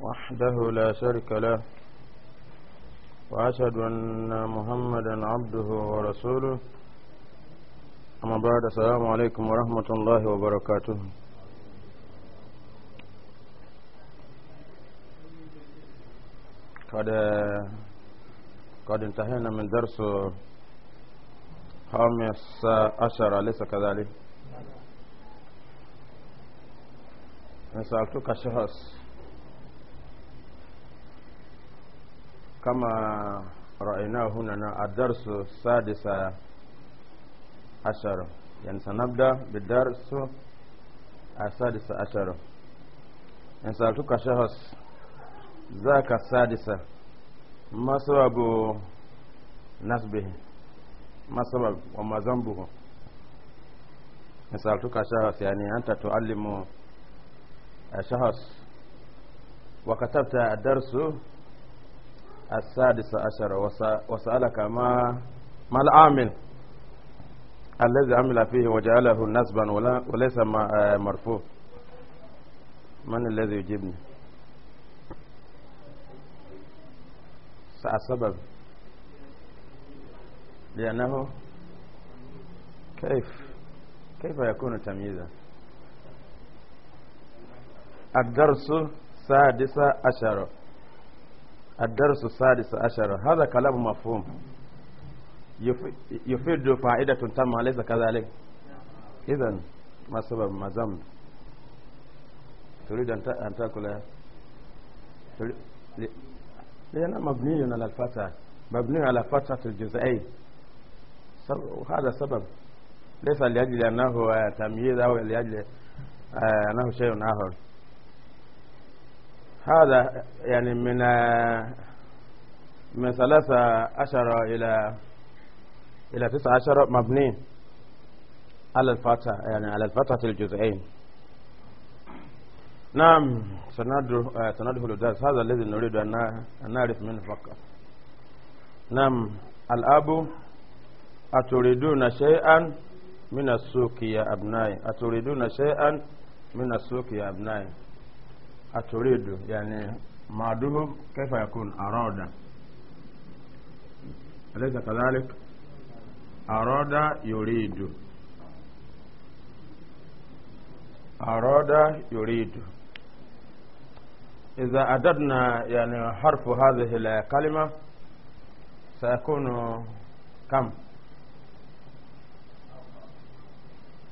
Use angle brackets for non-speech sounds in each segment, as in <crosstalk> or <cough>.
وحده لا شرك له وأشهد أن محمدا عبده ورسوله أما بعد السلام عليكم ورحمة الله وبركاته قد قد انتهينا من درس خامس عشر أليس كذلك؟ نسألتك شخص كما رأينا هنا الدرس السادس عشر يعني سنبدأ بالدرس السادس عشر إن سألتك شخص ذاك السادس ما سبب نسبه ما سبب وما ذنبه إن سألتك شخص يعني أنت تعلم شخص وكتبت الدرس السادسة عشر وسألك ما ما العامل الذي عمل فيه وجعله نسبا وليس آه، مرفوع من الذي يجيبني السبب لأنه كيف كيف يكون تمييزا الدرس السادس عشر الدرس السادس عشر هذا كلام مفهوم يفيد فائدة تم ليس كذلك إذن ما سبب ما ذنب تريد أن تأكل لأن مبني على الفتح مبني على فتحة الجزئي هذا سبب ليس لأجل أنه تمييز أو لأجل آه، أنه شيء آخر هذا يعني من آه، من ثلاثة عشر إلى إلى تسعة عشر مبني على الفتح يعني على الفتحة الجزئين نعم سندخل آه، الدرس هذا الذي نريد أن نعرف منه فقط نعم الأب أتريدون شيئا من السوق يا أبنائي أتريدون شيئا من السوق يا أبنائي أتريد يعني معدوم كيف يكون أراد أليس كذلك أراد يريد أراد يريد إذا أددنا يعني حرف هذه الكلمة سيكون كم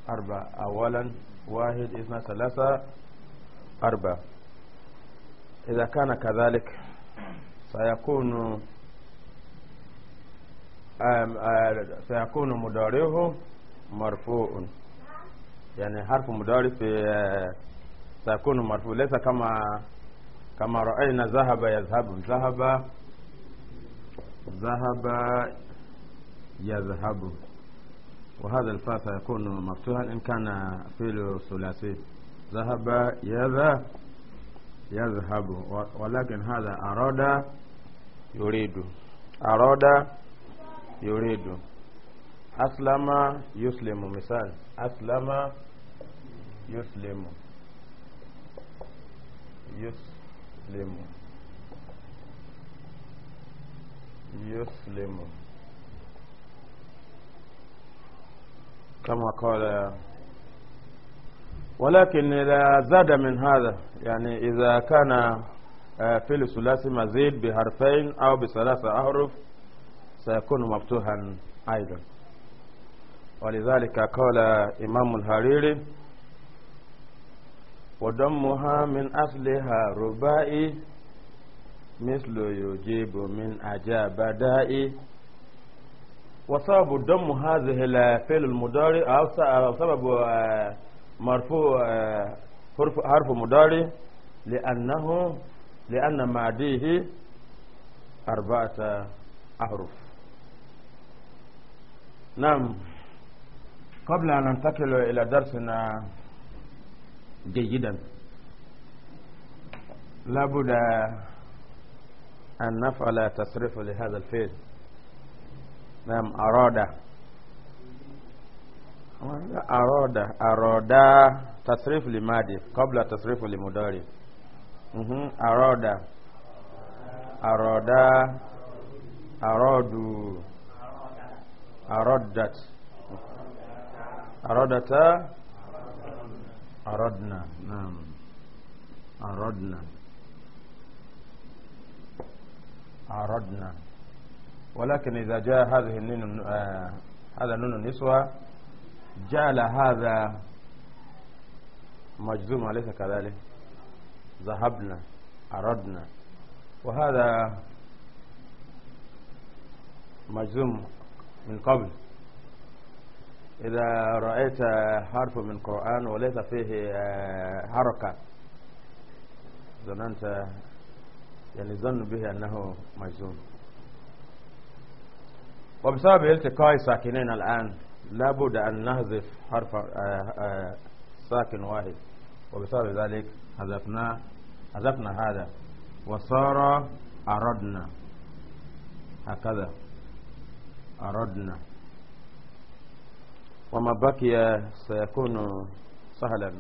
أربعة أولا واحد اثنان ثلاثة أربعة إذا كان كذلك سيكون آم آم سيكون مداره مرفوع يعني حرف في سيكون آه، مرفوع ليس كما كما رأينا ذهب يذهب ذهب ذهب يذهب وهذا الفاء سيكون مفتوحا إن كان فيل ثلاثي ذهب يذهب yadhhabu walakin hadha arada yuridu arada yuridu aslama yuslimu misali aslama yuslimu yuslimu yuslimu kama kala ولكن إذا زاد من هذا يعني إذا كان آه، في الثلاثي مزيد بحرفين أو بثلاثة أحرف سيكون مفتوحا أيضا ولذلك قال إمام الحريري وضمها من أصلها ربائي مثل يجيب من أجاب دائي وصاب ضم هذه الفعل المضارع أو سبب آه، مرفوع آه، حرف حرف مضارع لأنه لأن ماضيه أربعة أحرف نعم قبل أن ننتقل إلى درسنا جيدا لابد أن نفعل تصريف لهذا الفيل نعم أراد أراد أراد تصريف لماضي قبل تصريف لمضارع أراد أراد أرادوا أردت أرادت أردنا نعم أردنا أردنا ولكن إذا جاء هذه النون هذا نون النسوة جعل هذا مجزوم وليس كذلك ذهبنا أردنا وهذا مجزوم من قبل إذا رأيت حرف من قرآن وليس فيه آه، حركة ظننت يعني ظن به أنه مجزوم وبسبب التقاء ساكنين الآن لابد أن نحذف حرف آه، آه، ساكن واحد وبسبب ذلك حذفنا حذفنا هذا وصار أردنا هكذا أردنا وما بقي سيكون سهلا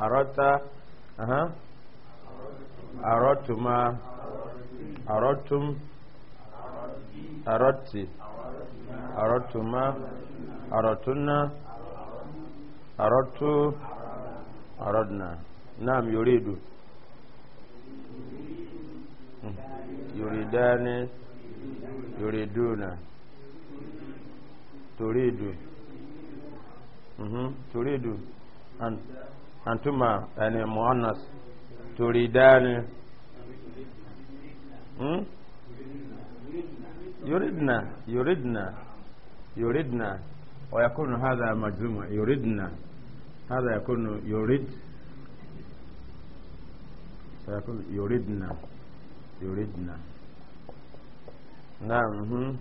أردت أردتما أردتم أردت أردتما أردتنا أردت أردنا نعم يريد يريدان يريدون تريد تريد أنتما يعني مؤنث تريدان yuridna يردنا يردنا ويكون هذا مجزوما يردنا هذا يكون يريد سيكون يردنا يردنا نعم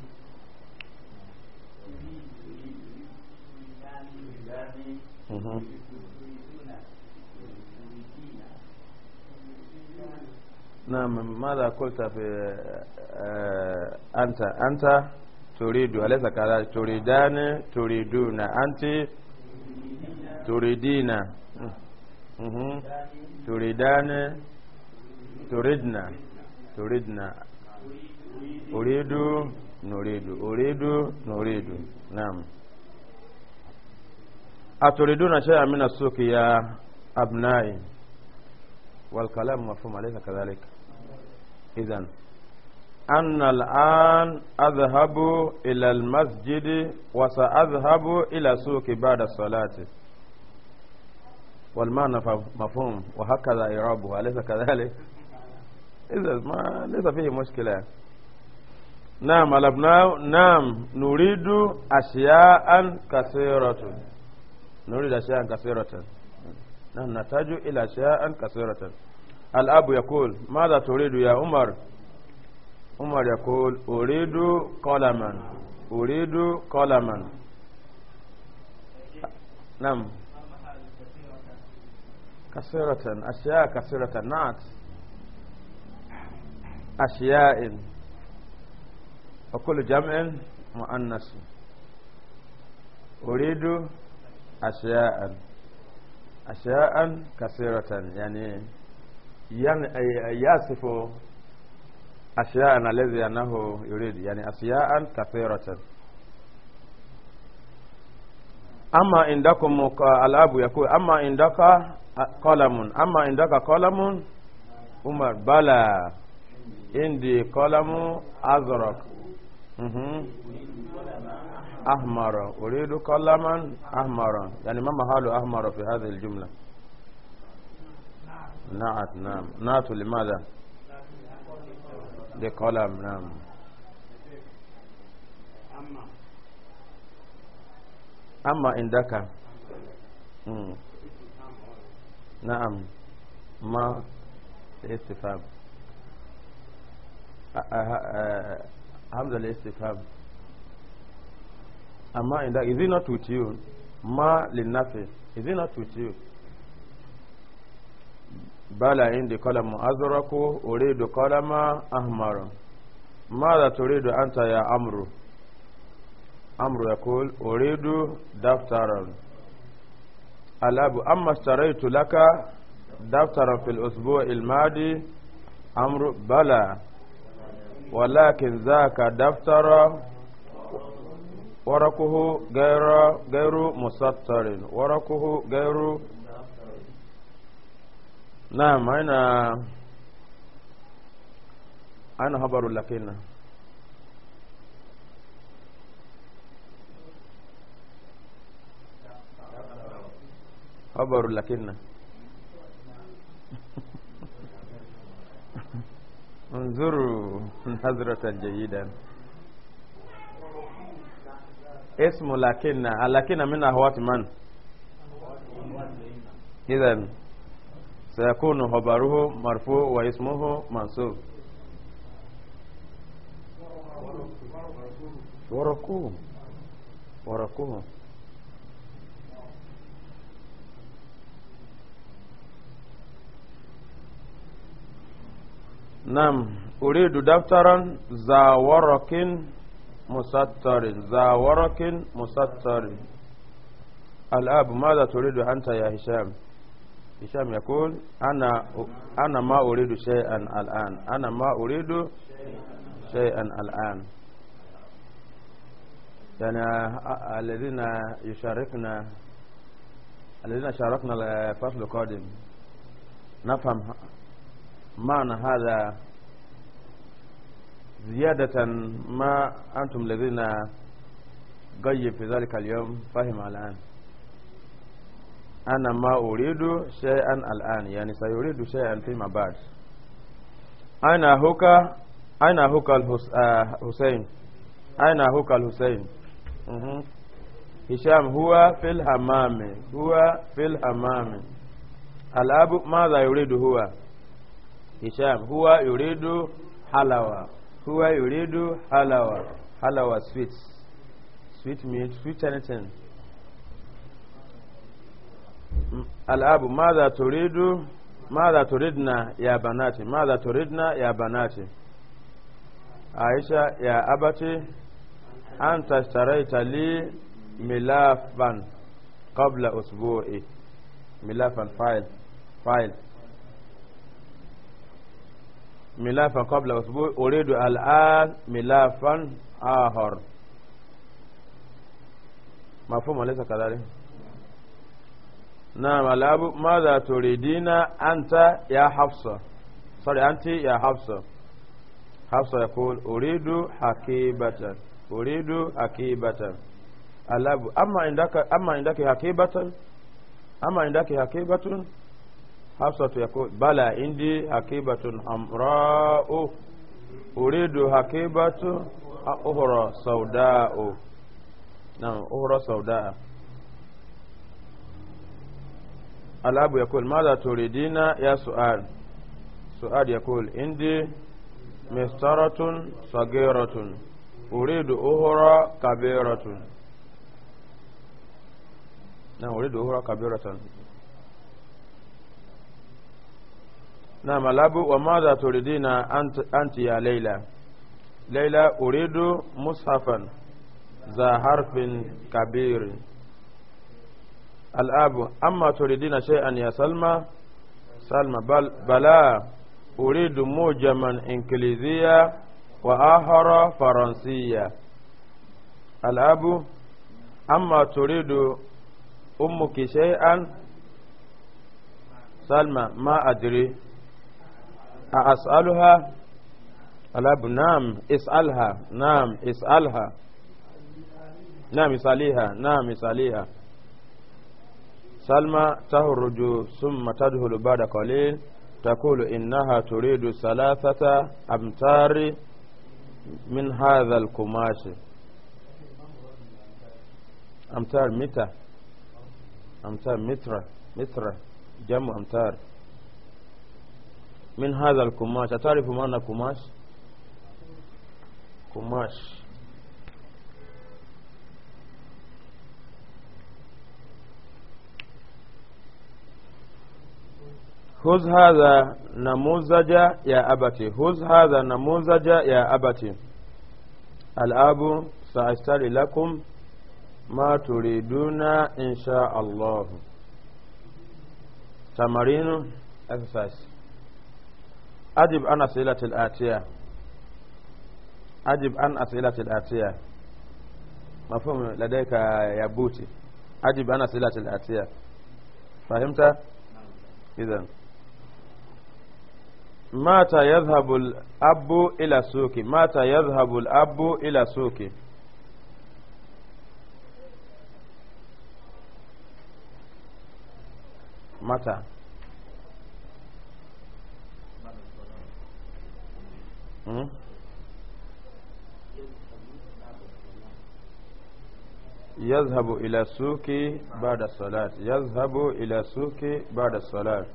Mm-hmm. نعم ماذا قلت في أنت أنت تريد أليس كذلك تريدان تريدون أنت تريدين تريدان تريدنا تريدنا أريد نريد أريد نريد نعم أتريدون شيئا من السوق يا أبنائي والكلام مفهوم أليس كذلك إذا أنا الآن أذهب إلى المسجد وسأذهب إلى سوق بعد الصلاة والمعنى مفهوم وهكذا إعرابه أليس كذلك؟ إذا ما ليس فيه مشكلة نعم الأبناء نعم نريد أشياء كثيرة نريد أشياء كثيرة نحن نحتاج إلى أشياء كثيرة الأب يقول ماذا تريد يا عمر عمر يقول أريد قلما أريد قلما نعم كثيرة أشياء كثيرة نعت أشياء وكل جمع مؤنث أريد أشياء أشياء كثيرة يعني يعني يصف أشياء الذي أنه يريد يعني أشياء كثيرة أما عندكم الأب يقول أما عندك قلم أما عندك قلم عمر بلى عندي قلم أزرق أحمر أريد قلما أحمر يعني ما محل أحمر في هذه الجملة نعت نعم نعت لماذا لقلم نعم أما عندك نعم ما الاستفهام همزة الاستفهام أما عندك is it not with you ما للنفي is it not with you بلى عندي قلم أزرق أريد قلم أحمر ماذا تريد أنت يا عمرو عمرو يقول أريد دفترا الأب أما اشتريت لك دفترا في الأسبوع الماضي عمرو بلى ولكن ذاك دفتر ورقه غير غير مسطر ورقه غير نعم أنا أنا خبر لكن خبر لكن <laughs> انظروا نظرة جيدا اسم لكن لكن من هوات من إذا سيكون خبره مرفوع واسمه منصوب ورقوم ورقوم نعم أريد دفترا ذا ورق مسطر ذا ورق مسطر الأب ماذا تريد أنت يا هشام؟ هشام يقول أنا أنا ما أريد شيئا الآن أنا ما أريد شيئا الآن يعني الذين يشاركنا الذين شاركنا الفصل القادم نفهم معنى هذا زيادة ما أنتم الذين قيب في ذلك اليوم فهم الآن ana ma uridu shay'an al'an yani sayuridu shay'an fi ba'd aina huka aina huka al-husayn aina huka al-husayn mhm hisham huwa fil hamami huwa fil hamami al-abu madha yuridu huwa hisham huwa yuridu halawa huwa yuridu halawa halawa sweets sweet meat sweet anything al'abu maza turidu maza turidna ya banati maza turidna ya banati aisha ya abati an tashtaraita li milafan qabla usbu'i milafan file file milafan قبل أسبوع أريد الآن milafan ahor. مفهوم ليس كذلك نعم الأب ماذا تريدين أنت يا حفصة سوري أنت يا حفصة حفصة يقول أريد حكيبة أريد حكيبة الأب أما عندك أما عندك حكيبة أما عندك حكيبة حفصة يقول بلى عندي حكيبة حمراء أريد حكيبة أخرى سوداء نعم أخرى سوداء الأب يقول ماذا تريدين يا سؤال سؤال يقول عندي مسطرة صغيرة أريد أهرى كبيرة نعم أريد أهرى كبيرة نعم الأب وماذا تريدين أنت, أنت يا ليلى ليلى أريد مصحفا ذا حرف كبير الأب أما تريدين شيئا يا سلمى سلمى بل بلا أريد موجما إنكليزية وآخر فرنسية الأب أما تريد أمك شيئا سلمى ما أدري أسألها الأب نعم اسألها نعم اسألها نعم اسأليها نعم اسأليها سلمى تهرج ثم تدهل بعد قليل تقول إنها تريد ثلاثة أمتار من هذا القماش أمتار متر أمتار متر متر جمع أمتار من هذا القماش أتعرف معنى قماش قماش خذ هذا نموذج يا أبتي خذ هذا نموذج يا أبتي الأب سأشتري لكم ما تريدون إن شاء الله تمارين exercise أجب عن أسئلة الآتية أجب عن أسئلة الآتية مفهوم لديك يا بوتي أجب عن أسئلة الآتية فهمت؟ إذا متى يذهب الأب إلى سوق متى يذهب الأب إلى سوق متى يذهب إلى السوق بعد الصلاة يذهب إلى السوق بعد الصلاة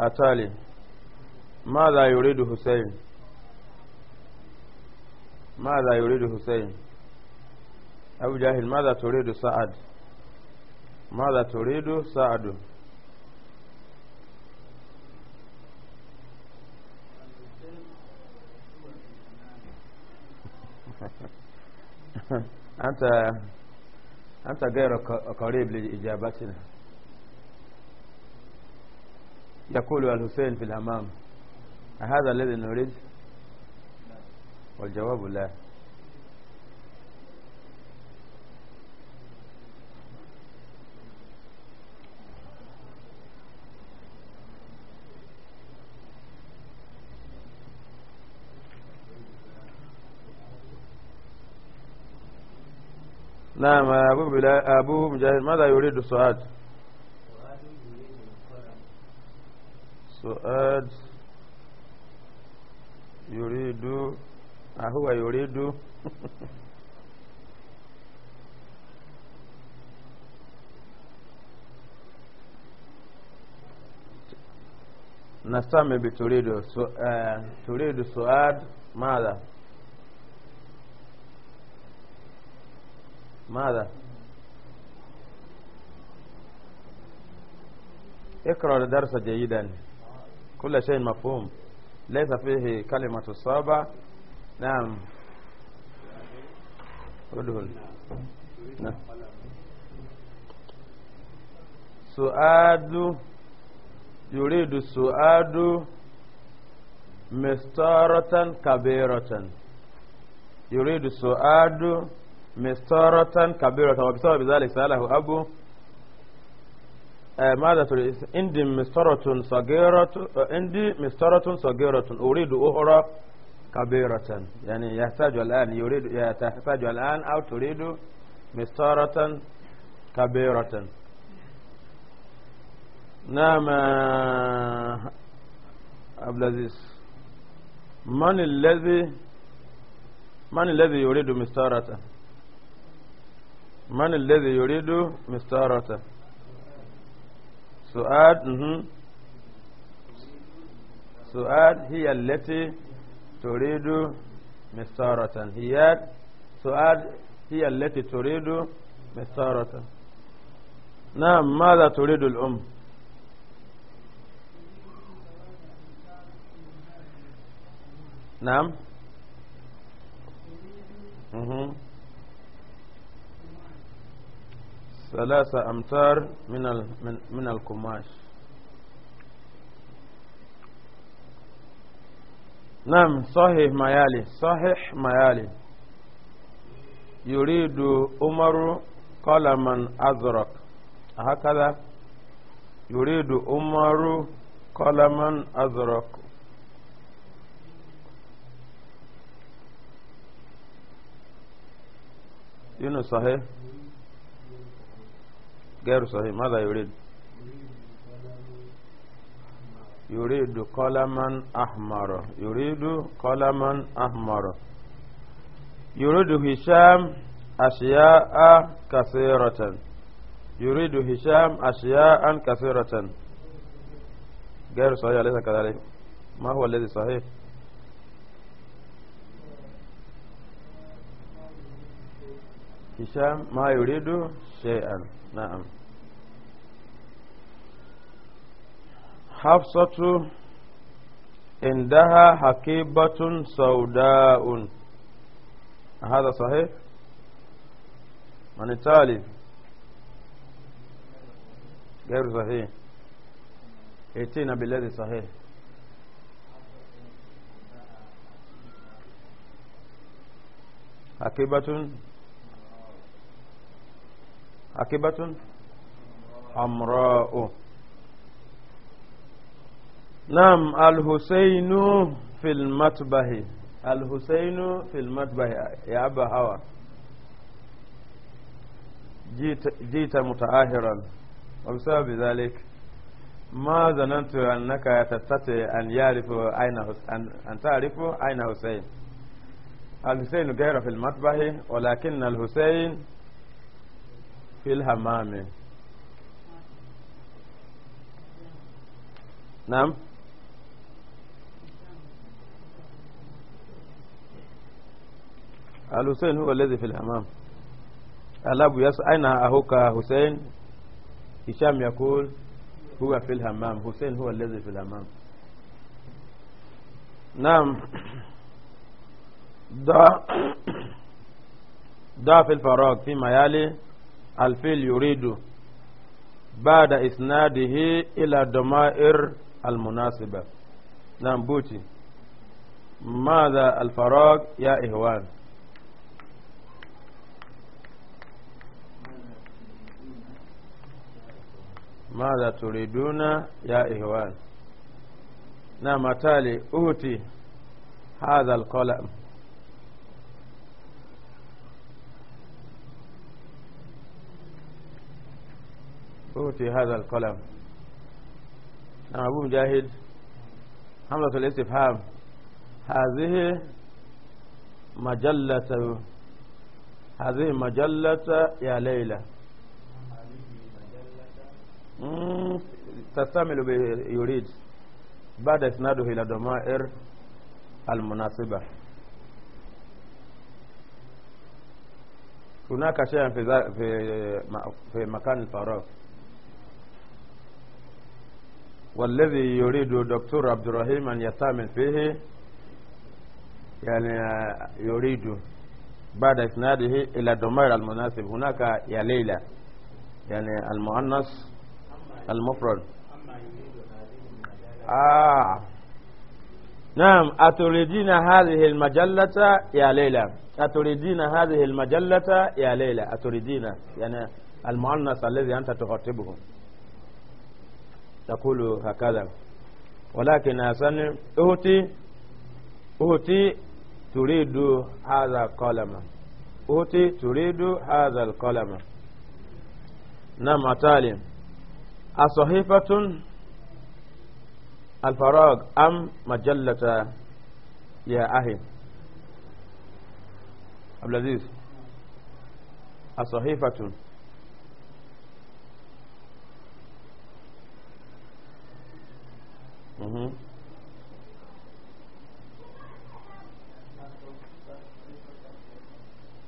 أتالي ماذا يريد حسين ماذا يريد حسين أبو جاهل ماذا تريد سعد ماذا تريد سعد <laughs> أنت أنت غير قريب لإجابتنا يقول الحسين في الأمام هذا الذي نريد والجواب لا نعم أبو أبو مجاهد ماذا يريد السؤال؟ سؤال yuridu ahuwa yuridu nasame bituridu so, uh, eh, turidu suad madha madha اقرأ الدرس جيدا كل شيء مفهوم ليس فيه كلمة الصابة نعم ادهل نعم سؤال يريد سؤال مستارة كبيرة يريد سؤال مستارة كبيرة وبسبب ذلك سأله أبو آه، ماذا تريد عندي مسطرة صغيرة آه، عندي مسطرة صغيرة أريد أخرى كبيرة يعني يحتاج الآن يريد يحتاج الآن أو تريد مسطرة كبيرة نعم آه، عبد العزيز من الذي من الذي يريد مسطرة من الذي يريد مسطرة سؤال سؤال هي التي تريد مسارة هي سؤال هي التي تريد مسارة نعم ماذا تريد الأم نعم مه. ثلاثة أمتار من من, من القماش نعم صحيح ميالي صحيح ميالي يريد عمر قلما أزرق هكذا يريد عمر قلما أزرق يونس صحيح غير صحيح ماذا يريد يريد قلما أحمر يريد قلما أحمر يريد هشام أشياء كثيرة يريد هشام أشياء كثيرة غير صحيح ليس كذلك ما هو الذي صحيح هشام ما يريد شيئا نعم حفصة عندها حقيبة سوداء هذا صحيح من التالي غير صحيح اتينا بالذي صحيح حقيبة عاقبة حمراء نعم الحسين في المطبخ الحسين في المطبخ يا أبا هوا جيت, جيت متآهرا وبسبب ذلك ما ظننت أنك تستطيع أن يعرف أين أن تعرف أين حسين الحسين غير في المطبخ ولكن الحسين في الهمام نعم الحسين هو الذي في الهمام الأب يسأل أين أهوك حسين هشام يقول هو في الهمام حسين هو الذي في الهمام نعم ضع <coughs> ضع <coughs> في الفراغ فيما يلي الفيل يريد بعد إسناده إلى ضمائر المناسبة نعم بوتي ماذا الفراغ يا إهوان ماذا تريدون يا إهوان نعم تالي أوتي هذا القلم أوتي هذا القلم نعم أبو مجاهد حملة الاستفهام هذه مجلة هذه مجلة يا ليلى تستعمل يريد بعد إسناده إلى ضمائر المناسبة هناك شيء في في مكان الفراغ والذي يريد دكتور عبد الرحيم أن يستعمل فيه يعني آه، يريد بعد إسناده إلى الضمير المناسب هناك يا ليلى يعني المؤنث المفرد آه نعم أتريدين هذه المجلة يا ليلى أتريدين هذه المجلة يا ليلى أتريدين يعني المؤنث الذي أنت تخاطبه تقول هكذا ولكن حسن أهتي أهتي تريد هذا القلم أهتي تريد هذا القلم نعم تالي الصحيفة الفراغ أم مجلة يا أهل عبد العزيز الصحيفة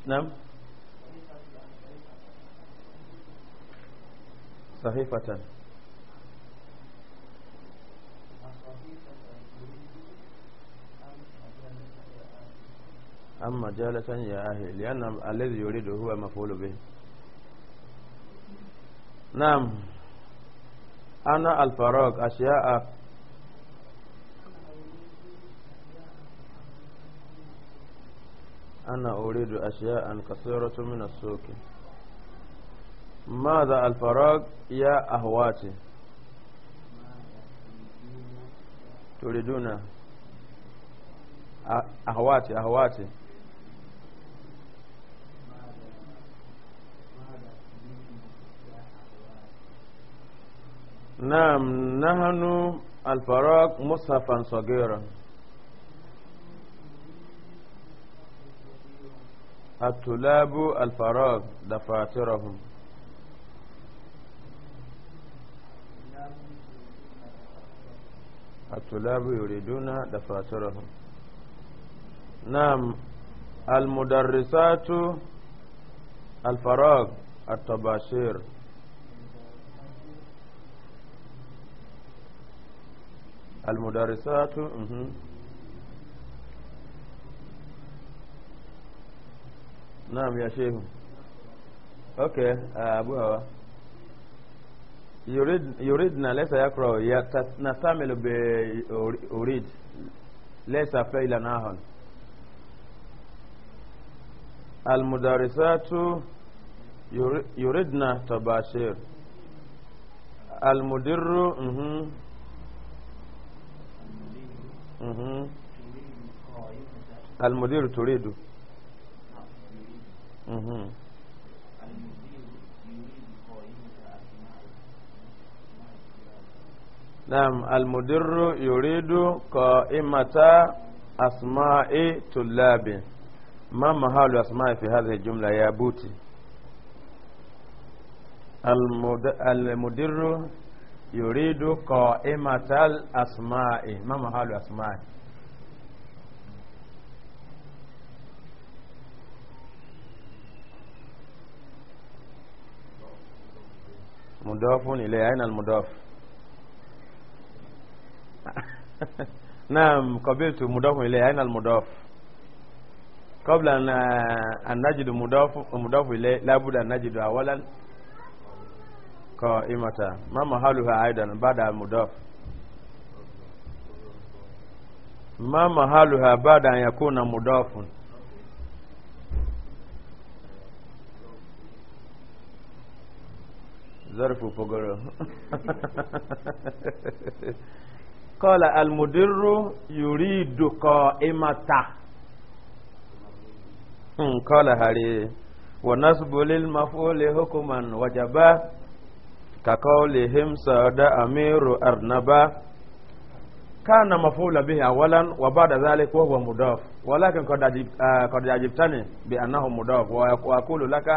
نعم صحيفة أما جالة يا أهل لأن الذي يريد هو مفعول به نعم أنا الفراغ أشياء أنا أريد أشياء كثيرة من السوق ماذا الفراغ يا أهواتي تريدون أهواتي أهواتي نعم نحن الفراغ مصحفا صغيرا الطلاب الفراغ دفاترهم الطلاب يريدون دفاترهم نعم المدرسات الفراغ التباشير المدرسات نعم يا شيخ اوكي ابو يريد يريدنا ليس يقرا نستعمل ب اريد ليس فعلا اهن المدرسات يريدنا تباشر المدر اها اها المدير تريد Mm-hmm. نعم المدر يريد قائمة أسماء طلاب ما محل أسماء في هذه الجملة يا بوتي المدر يريد قائمة الأسماء ما محل أسماء مضاف ile aina المضاف نعم قبلت مضاف ile aina المضاف قبل أن أن نجد مضاف مضاف إليه لابد أن نجد أولا قائمة ما محلها أيضا بعد المضاف ما محلها بعد أن يكون مضاف zarfu fogoro kọ́lá almudiru yorí dukọ̀ imata kọ́lá hari wa nasbulil mafuli hukuman wajaba كقولهم سعد أمير أرنبا كان مفعولا به أولا وبعد ذلك وهو مضاف ولكن قد أجبتني بأنه مضاف وأقول لك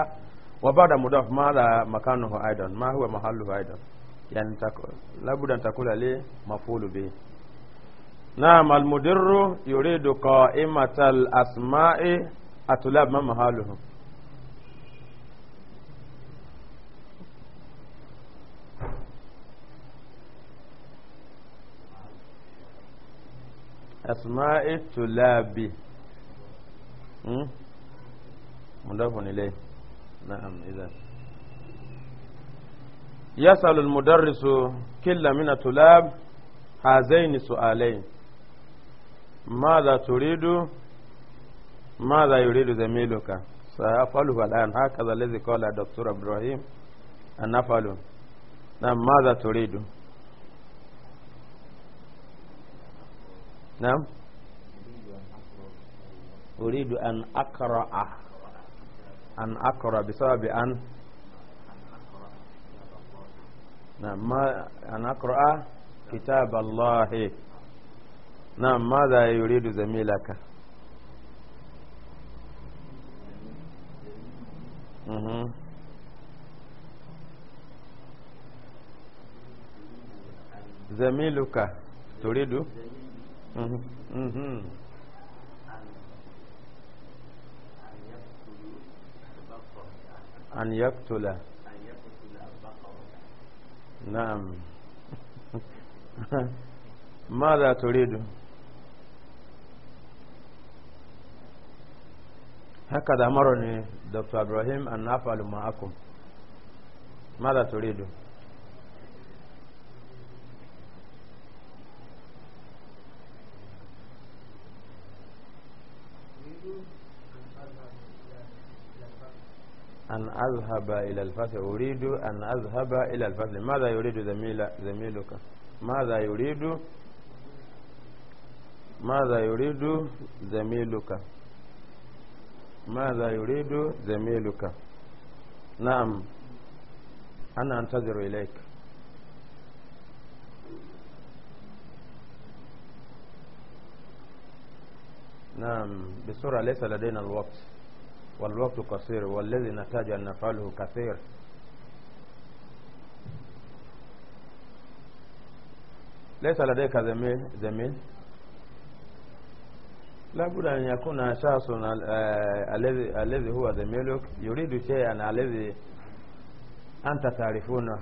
وبعد مضاف ماذا مكانه أيضا ما هو محله أيضا يعني تك... لابد أن تقول لي مفعول به نعم المدر يريد قائمة الأسماء الطلاب ما محله أسماء الطلاب مضاف إليه نعم إذا يسأل المدرس كل من الطلاب هذين السؤالين ماذا تريد ماذا يريد زميلك سأفعله الآن هكذا الذي قال الدكتور إبراهيم أن أفعله نعم ماذا تريد نعم أريد أن أقرأ أن أقرأ بسبب أن نعم ما أن أقرأ كتاب الله نعم ماذا يريد زميلك مه. زميلك تريد أن يقتل أن يقتل نعم ماذا تريد هكذا أمرني دكتور إبراهيم أن أفعل معكم ماذا تريد؟ أن أذهب إلى الفصل أريد أن أذهب إلى الفصل ماذا يريد زميل زميلك ماذا يريد ماذا يريد زميلك ماذا يريد زميلك نعم أنا أنتظر إليك نعم بسرعة ليس لدينا الوقت والوقت قصير والذي نتاج أن نفعله كثير ليس لديك زميل زميل لا بد أن يكون شخص آه، الذي هو زميلك يريد شيئا الذي أنت تعرفونه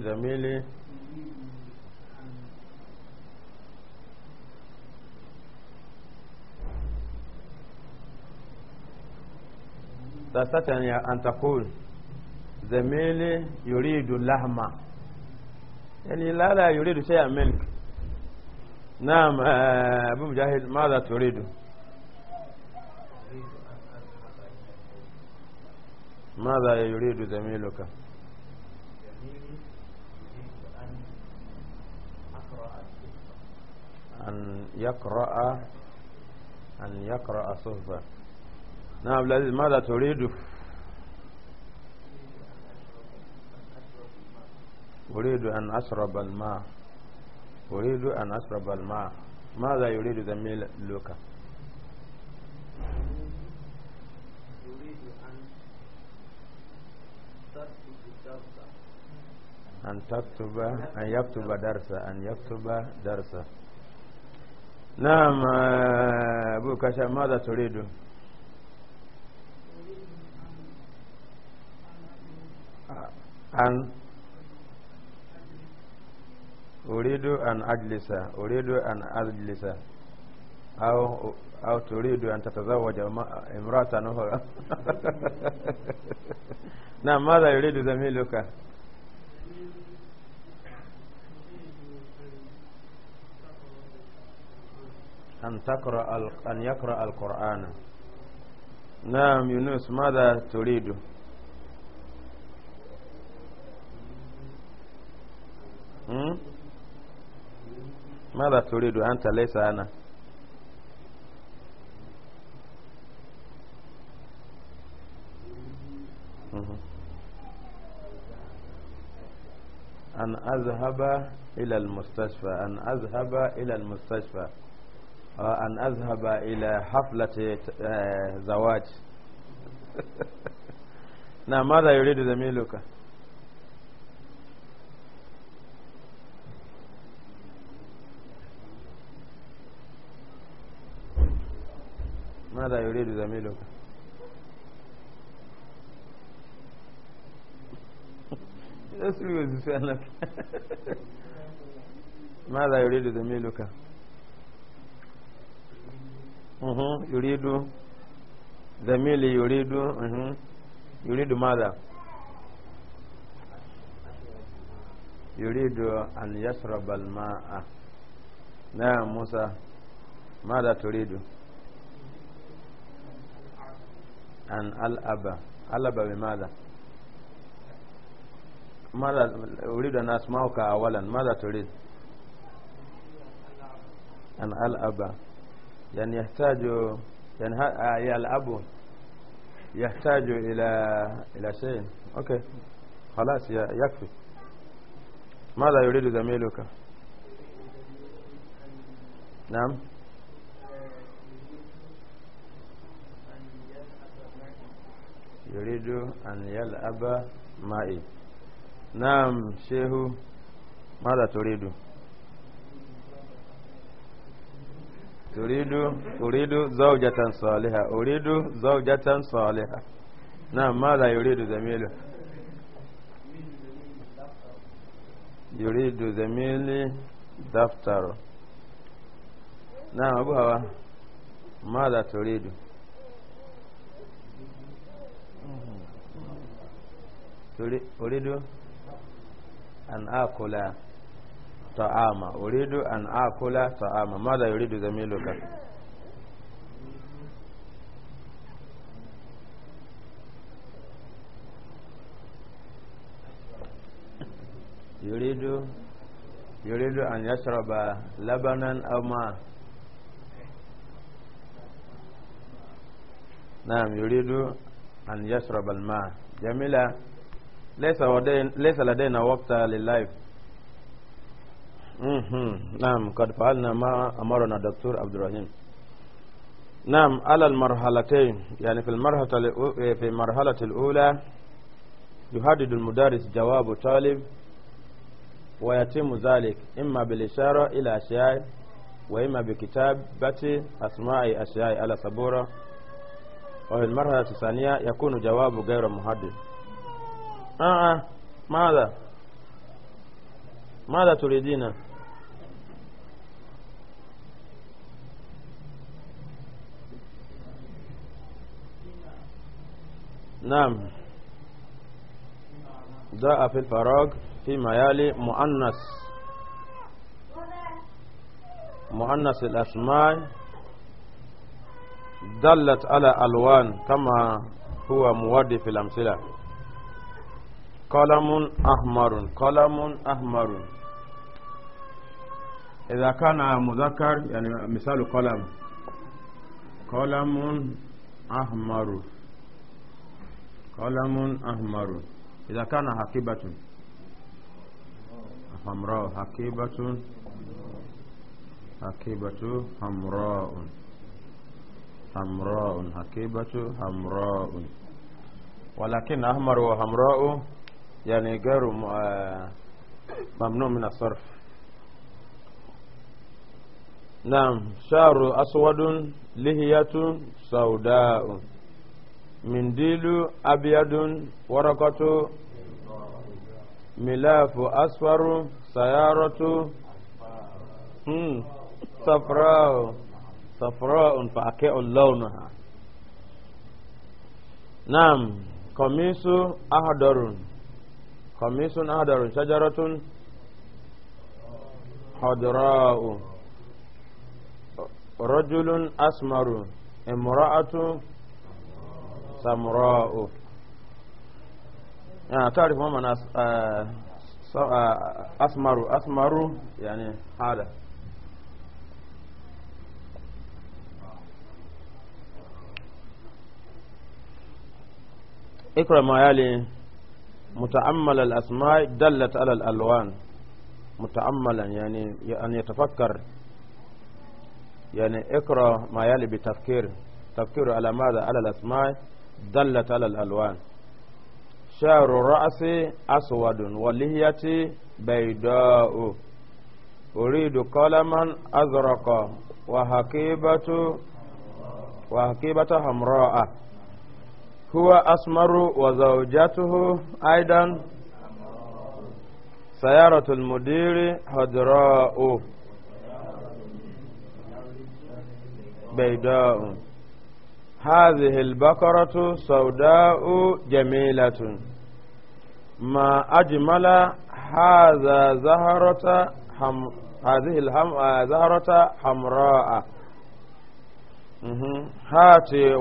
زميلي تستطيع أن تقول زميلي يريد اللحمة يعني لا لا يريد شيئا منك نعم آه، أبو مجاهد ماذا تريد ماذا يريد زميلك أن يقرأ أن يقرأ صفة نعم عبد ماذا تريد أريد أن أشرب الماء أريد أن أشرب الماء ماذا يريد زميل لوكا أن تكتب أن يكتب درسا أن يكتب درسا نعم أبو كشا ماذا تريد؟ Uh, an uridu an ajlisa uridu an ajlisa au au turidu an tatazawaja imratan ukhra <laughs> na madha al, zamiluka أن تقرأ أن يقرأ القرآن نعم يونس ماذا تريد؟ ماذا تريد أنت ليس أنا أن أذهب إلى المستشفى أن أذهب إلى المستشفى أن أذهب إلى حفلة زواج نعم ماذا يريد زميلك؟ ماذا يريد زميله يسلو يسألك ماذا يريد زميلك يريد زميلي يريد يريد ماذا يريد أن يشرب الماء نعم موسى ماذا تريد؟ عن ألأب ألأب بماذا ماذا أريد أن أسمعك أولا ماذا تريد أن ألأب يعني يحتاج يعني آه، الأب يحتاج إلى إلى شيء أوكي خلاص يكفي ماذا يريد زميلك نعم yuridu an yal'aba ma'i Naam shehu Mada turidu Turidu Uridu zawjatan saliha Uridu zawjatan saliha Naam mada yuridu zemili. Yuridu zamili Daftaru Naam abu hawa Mada turidu أريد أن آكل طعاما أريد أن آكل طعاما ماذا يريد زميلك يريد يريد أن يشرب لبنا أو ماء نعم يريد أن يشرب الماء جميلة ليس لدينا وقت لللايف نعم قد فعلنا ما أمرنا الدكتور عبد الرحيم نعم على المرحلتين يعني في المرحلة إيه، في المرحلة الأولى يحدد المدرس جواب طالب ويتم ذلك إما بالإشارة إلى أشياء وإما بكتابة أسماء أشياء على صبوره وفي المرحلة الثانية يكون جواب غير محدد آه،, آه ماذا ماذا تريدين نعم جاء في الفراغ فيما يلي مؤنث مؤنث الأسماء دلت على ألوان كما هو مواد في الأمثلة قلم أحمر قلم أحمر إذا كان مذكر يعني مثال قلم قلم أحمر قلم أحمر إذا كان حقيبة حمراء حقيبة حقيبة حمراء حمراء حقيبة حمراء ولكن أحمر وحمراء يعني غير ممنوع من الصرف نعم شعر أسود لهية سوداء منديل أبيض ورقة ملاف أصفر سيارة صفراء صفراء فأكئ لونها نعم قميص أهدر قميص أهدر شجرة حضراء رجل أسمر امرأة سمراء يعني تعرف ما آه، آه، أسمر أسمر يعني هذا اقرأ ما يلي متأمل الأسماء دلت على الألوان متأملا يعني أن يتفكر يعني اقرأ ما يلي بتفكير تفكير على ماذا على الأسماء دلت على الألوان شعر رأسي أسود ولهيتي بيداء أريد قلما أزرق وحقيبة وحقيبة حمراء هو أسمر وزوجته أيضا سيارة المدير حضراء بيداء هذه البقرة سوداء جميلة ما أجمل هذا زهرة حم... هذه الهم... آه، زهرة حمراء هاتي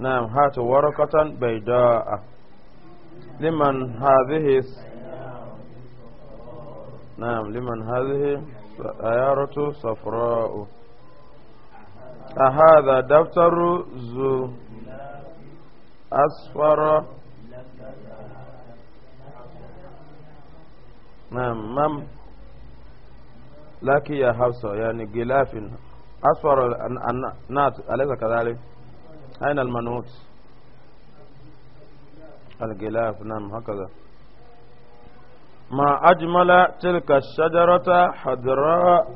نعم هات ورقة بيضاء لمن هذه نعم لمن هذه سيارة صفراء أهذا دفتر زو أصفر نعم مم لك يا حفصة يعني غلاف أصفر النات أليس كذلك؟ أين المنوس الغلاف نعم هكذا ما أجمل تلك الشجرة حضراء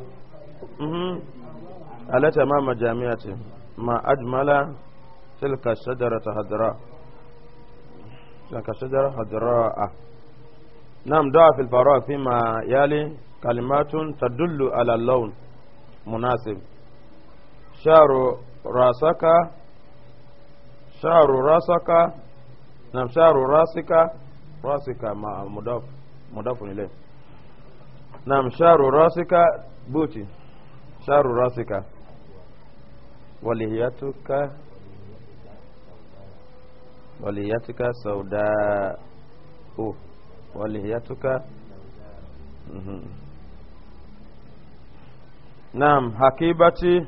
التي أمام جامعتي ما أجمل تلك الشجرة حضراء تلك الشجرة حضراء نعم دعا في الفراء فيما يلي كلمات تدل على اللون مناسب شعر راسك شعر راسك نعم شعر راسك راسك مع مضاف مضاف إليه نعم شعر راسك بوتي شعر راسك ولهيتك ولهيتك سوداء ولهيتك نعم حكيبتي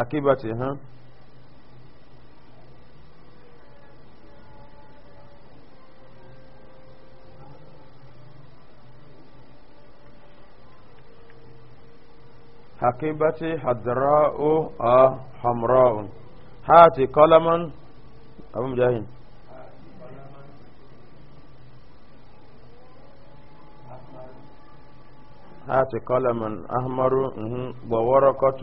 akibati ha حقيبتي حضراء حمراء هاتي قلما أبو مجاهين هاتي قلما أحمر وورقة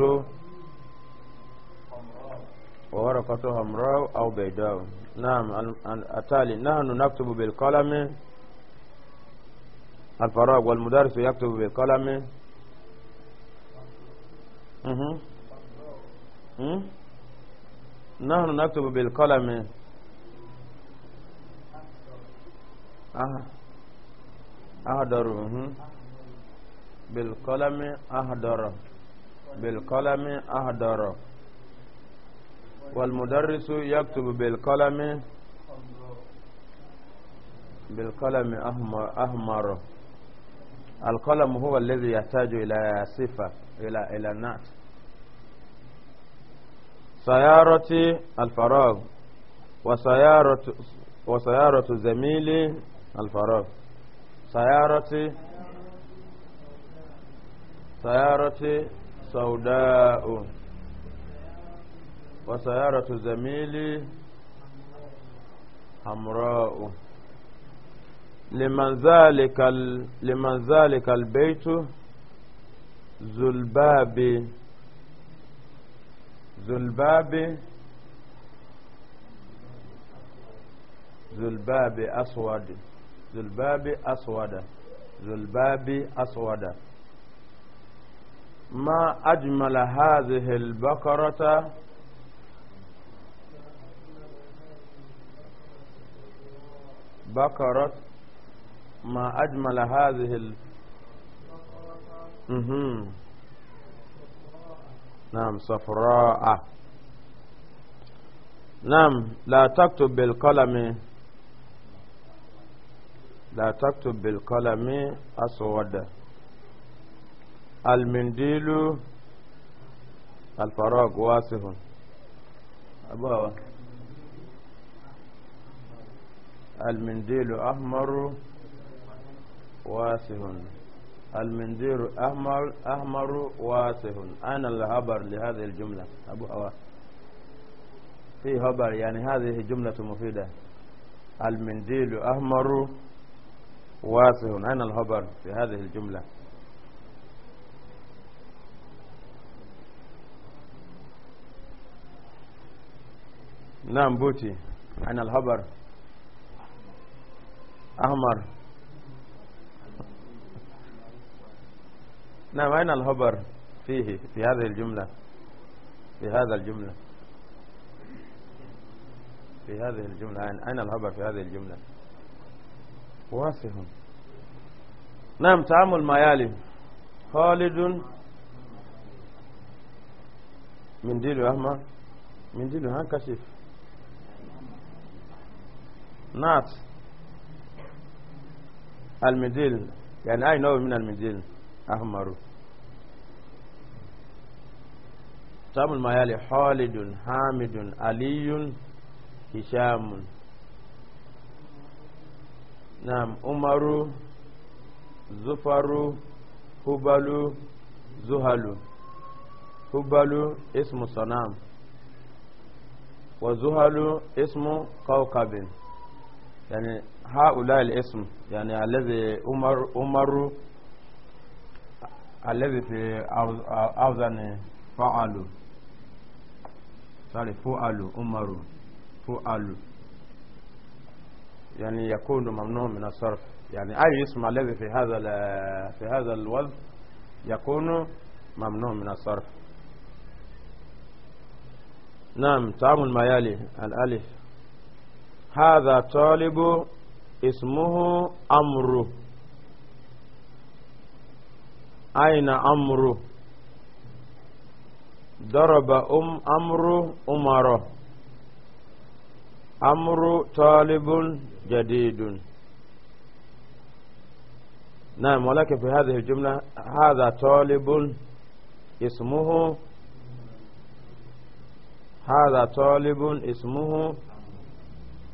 وورقته حمراء أو بيضاء نعم التالي نحن نكتب بالقلم الفراغ والمدرس يكتب بالقلم أه؟ نحن نكتب بالقلم أهدر أه. بالقلم أهدر بالقلم أهدر والمدرس يكتب بالقلم بالقلم أحمر, القلم هو الذي يحتاج إلى صفة إلى إلى نعت سيارة الفراغ وسيارة وسيارة زميلي الفراغ سيارة سيارة سوداء وسيارة زميلي حمراء لمن ذلك لمن ذلك البيت ذو الباب ذو الباب ذو الباب أسود ذو الباب أسود ذو الباب أسود ما أجمل هذه البقرة البقرة ما أجمل هذه ال... نعم صفراء نعم لا تكتب بالقلم لا تكتب بالقلم أسود المنديل الفراغ واسه أبوه المنديل أحمر واسه المنديل أحمر أحمر واسه أنا الخبر لهذه الجملة أبو هوا في هبر يعني هذه جملة مفيدة المنديل أحمر واسه أنا الخبر في هذه الجملة نعم بوتي أنا الخبر أحمر نعم أين الهبر فيه في هذه الجملة في هذا الجملة في هذه الجملة أين الهبر في هذه الجملة واسه نعم تعامل ما يالي خالد من منديل أحمر من منديل هنكشف ناس المدل يعني أي نوع من المدل أحمر سام الميالي خالد حامد علي هشام نعم عمر زفر هبل زهل هبل اسم صنام وزهل اسم كوكب يعني هؤلاء الاسم يعني الذي عمر عمر الذي في أوزان فعلوا sorry فعلوا عمر فعلوا يعني يكون ممنوع من الصرف يعني أي اسم الذي في هذا في هذا الوضع يكون ممنوع من الصرف نعم تعامل ما يلي الألف هذا طالب اسمه أمرو أين أمرو ضرب أم أمرو أمره أمرو طالب جديد نعم ولكن في هذه الجملة هذا طالب اسمه هذا طالب اسمه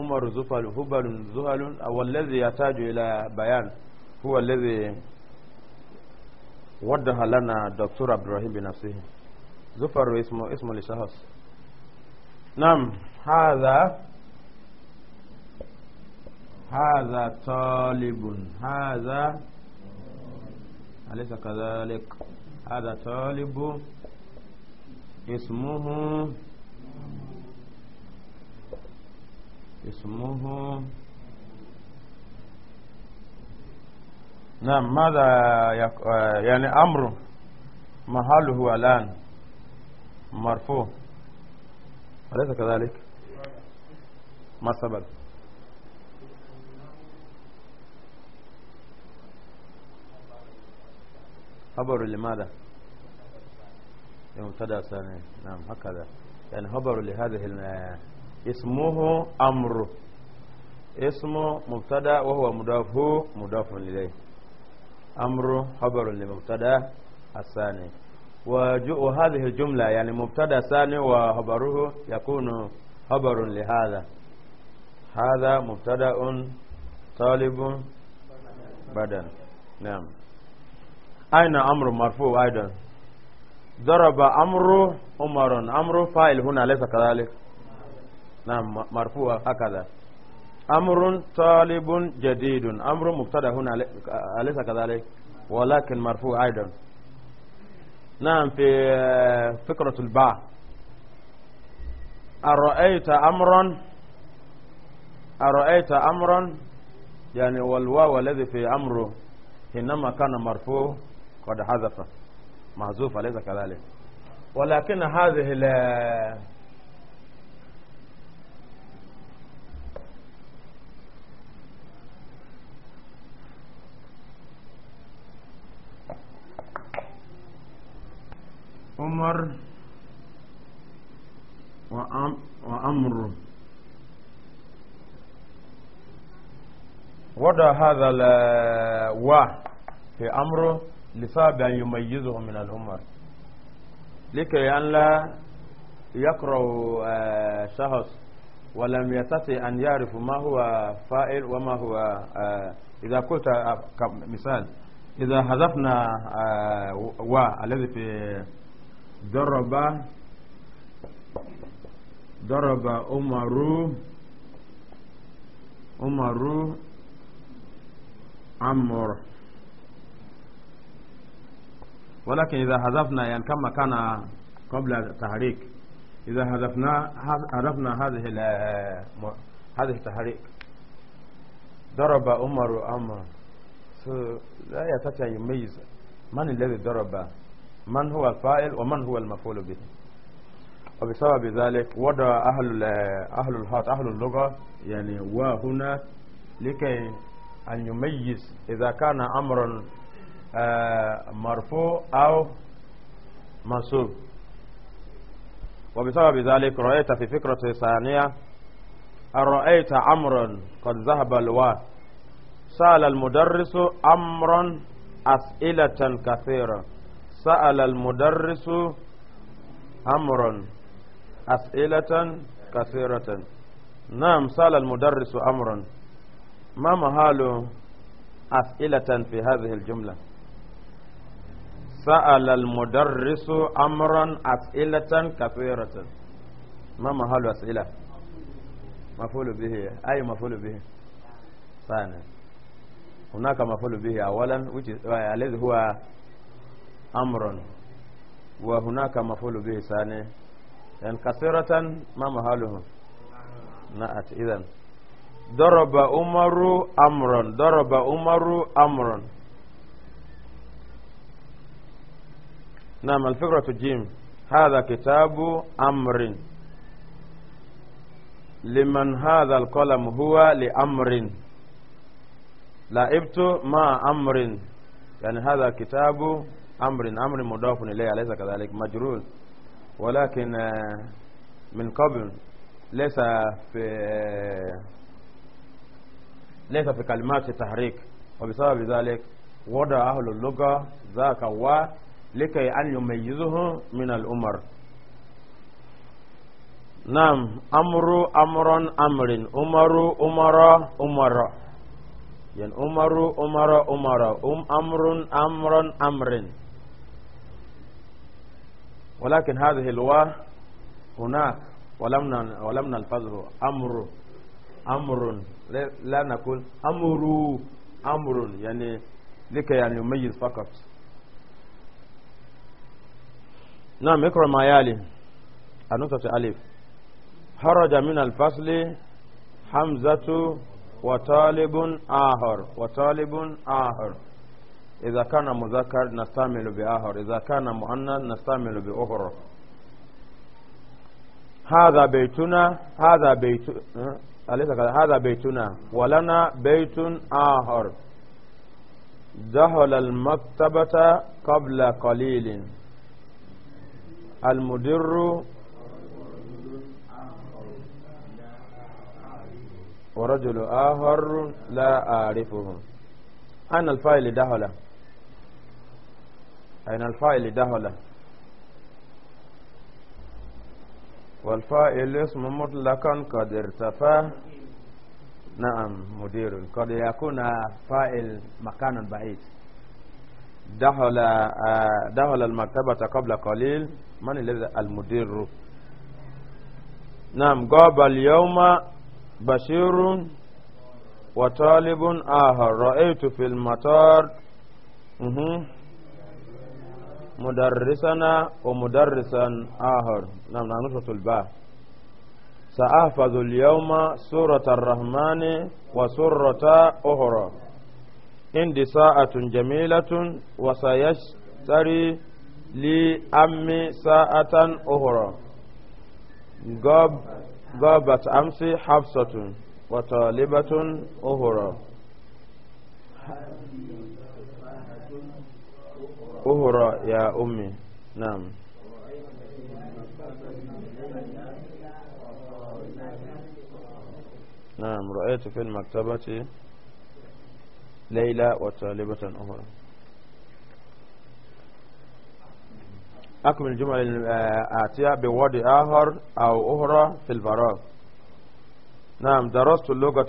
عمر زفل هبل زهل أو الذي يحتاج إلى بيان هو الذي وضح لنا دكتور إبراهيم بنفسه زفر اسمه اسمه لشخص نعم هذا هذا طالب هذا أليس كذلك هذا طالب اسمه اسمه نعم ماذا يك... آه، يعني أمر محله الآن مرفوع أليس كذلك ما سبب خبر لماذا مبتدا ثاني نعم هكذا يعني خبر لهذه اسمه أمر اسم مبتدا وهو مضاف مضاف إليه أمر خبر لمبتدا الثاني وجوء هذه الجملة يعني مبتدا ثاني وخبره يكون خبر لهذا هذا مبتدا طالب بدن نعم أين أمر مرفوع أيضا ضرب أمر عمر أمر فاعل هنا ليس كذلك نعم مرفوع هكذا أمر طالب جديد أمر مبتدا هنا أليس كذلك ولكن مرفوع أيضا نعم في آه، فكرة الباء أرأيت أمرا أرأيت أمرا يعني والواو الذي في أمره حينما كان مرفوع قد حذف محذوف أليس كذلك ولكن هذه عمر وأم وأمر وضع هذا الوا في أمره لسبب أن يميزه من الأمر لكي أن لا يقرأ آه، شخص ولم يستطع أن يعرف ما هو فائل وما هو آه، إذا قلت مثال إذا حذفنا آه، و الذي في ضرب ضرب عمر عمر عمر ولكن إذا حذفنا يعني كما كان قبل التحريك إذا حذفنا حذفنا هذه هذه التحريك ضرب عمر عمر لا يستطيع يميز من الذي ضرب من هو الفاعل ومن هو المفعول به وبسبب ذلك وضع أهل أهل الهات أهل اللغة يعني وهنا لكي أن يميز إذا كان أمرا آه، مرفوع أو منصوب وبسبب ذلك رأيت في فكرة ثانية أرأيت أمرا قد ذهب الوا سأل المدرس أمرا أسئلة كثيرة سأل المدرس أمرا أسئلة كثيرة نعم سأل المدرس أمرا ما محال أسئلة في هذه الجملة سأل المدرس أمرا أسئلة كثيرة ما محل أسئلة مفول به أي مفول به ثانيا هناك مفول به أولا آه، الذي هو أمر وهناك مفعول به ثاني ان كثيرة ما محله نأت إذن ضرب عمر أمرا ضرب عمر أمرا نعم الفكرة جيم هذا كتاب أمر لمن هذا القلم هو لأمر لعبت ما أمر يعني هذا كتاب أمر أمر مضاف إليه أليس كذلك مجرور ولكن من قبل ليس في ليس في كلمات التحريك وبسبب ذلك وضع أهل اللغة ذاك و لكي أن يميزه من الأمر نعم أمر أمر أمر أمر أمر أمر يعني أمر أمر أمر أم أمر أمر أمر, أمر ولكن هذه اللغة هناك ولم ولم نلفظه امر امر لا نقول امر امر يعني لكي يعني يميز فقط نعم اقرا ما يلي النقطة ألف خرج من الفصل حمزة وطالب آخر وطالب آخر إذا كان مذكر نستعمل بآخر إذا كان مؤنث نستعمل بأخرى هذا بيتنا هذا بيت أليس كذا هذا بيتنا ولنا بيت آخر دخل المكتبة قبل قليل المدر ورجل آخر لا أعرفه أنا الفاعل دخل أين الفاعل دهلا والفاعل اسم مطلقا قد ارتفع نعم مدير قد يكون فاعل مكان بعيد دخل آه، دخل المكتبة قبل قليل من الذي المدير نعم غاب اليوم بشير وطالب آخر رأيت في المطار مدرسنا ومدرسا آخر نعم نشرة الباء سأحفظ اليوم سورة الرحمن وسورة أخرى عندي ساعة جميلة وسيشتري لي أمي ساعة أخرى غاب غابت أمس حفصة وطالبة أخرى أهرى يا أمي نعم نعم رأيت في المكتبة ليلى وطالبة أخرى أكمل جمل آتية آه، بوضع آخر أو أخرى في الفراغ نعم درست اللغة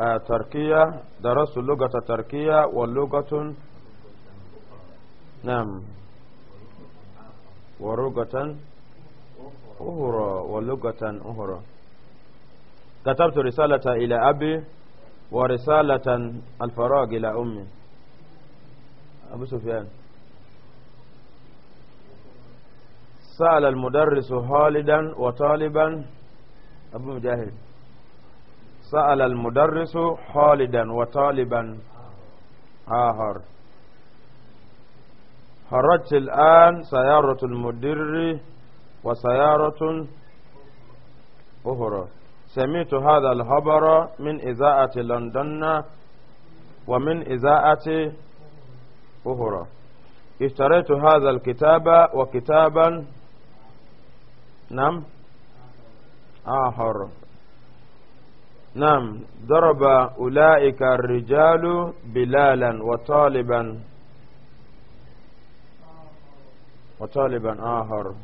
التركية آه، درست اللغة التركية واللغة نعم ورقة أخرى ولغة أخرى كتبت رسالة إلى أبي ورسالة الفراغ إلى أمي أبو سفيان سأل المدرس خالدا وطالبا أبو مجاهد سأل المدرس خالدا وطالبا آخر خرجت الآن سيارة المدر وسيارة أخرى سمعت هذا الخبر من إذاعة لندن ومن إذاعة أخرى اشتريت هذا الكتاب وكتابا نعم آخر نعم ضرب أولئك الرجال بلالا وطالبا وطالبا آخر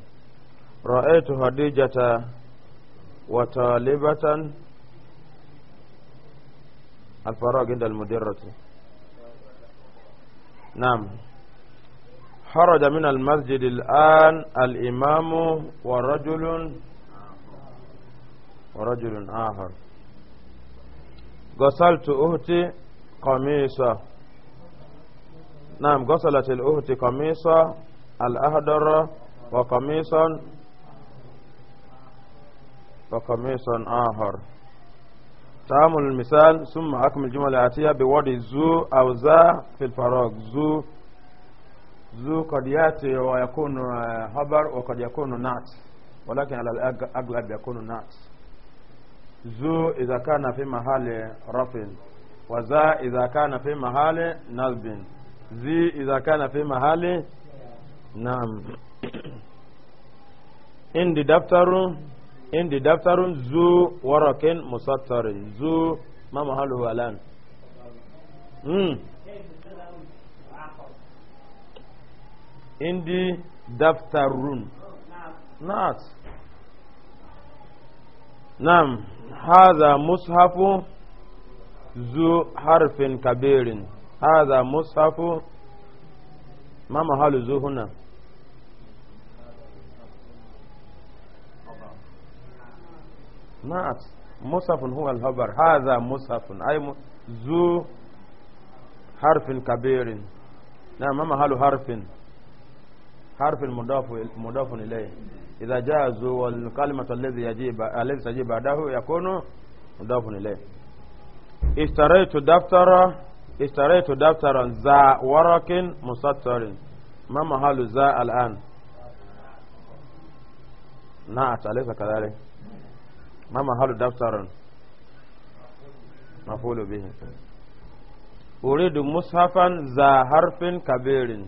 رأيت هديجة وطالبة الفراغ عند المدرة نعم خرج من المسجد الآن الإمام ورجل ورجل آخر غسلت أهتي قميصة نعم غسلت الأهتي قميصة الأهدر وقميصا وقميصا آخر تعمل المثال ثم أكمل الجملة الآتية بورد زو أو زا في الفراغ زو زو قد يأتي ويكون هبر آه، وقد يكون نعت ولكن على الأغلب يكون نعت زو إذا كان في محل رفع وزا إذا كان في محل نصب زي إذا كان في محل نعم عندي دفتر عندي دفتر ذو ورق مسطر ذو ما محله الآن مم. عندي دفتر نعم نعم هذا مصحف ذو حرف كبير هذا مصحف ما محل ذو هنا مات مصحف هو الهبر هذا مصحف أي ذو حرف كبير نعم ما محل حرف حرف مضاف مضاف إليه إذا جاء ذو والكلمة الذي يجيب الذي تجيب بعده يكون مضاف إليه اشتريت دفترا اشتريت دفترا ذا ورق مسطر ما محل ذا الآن نعت أليس كذلك ما محل دفتر مفعول به أريد مصحفا ذا حرف كبير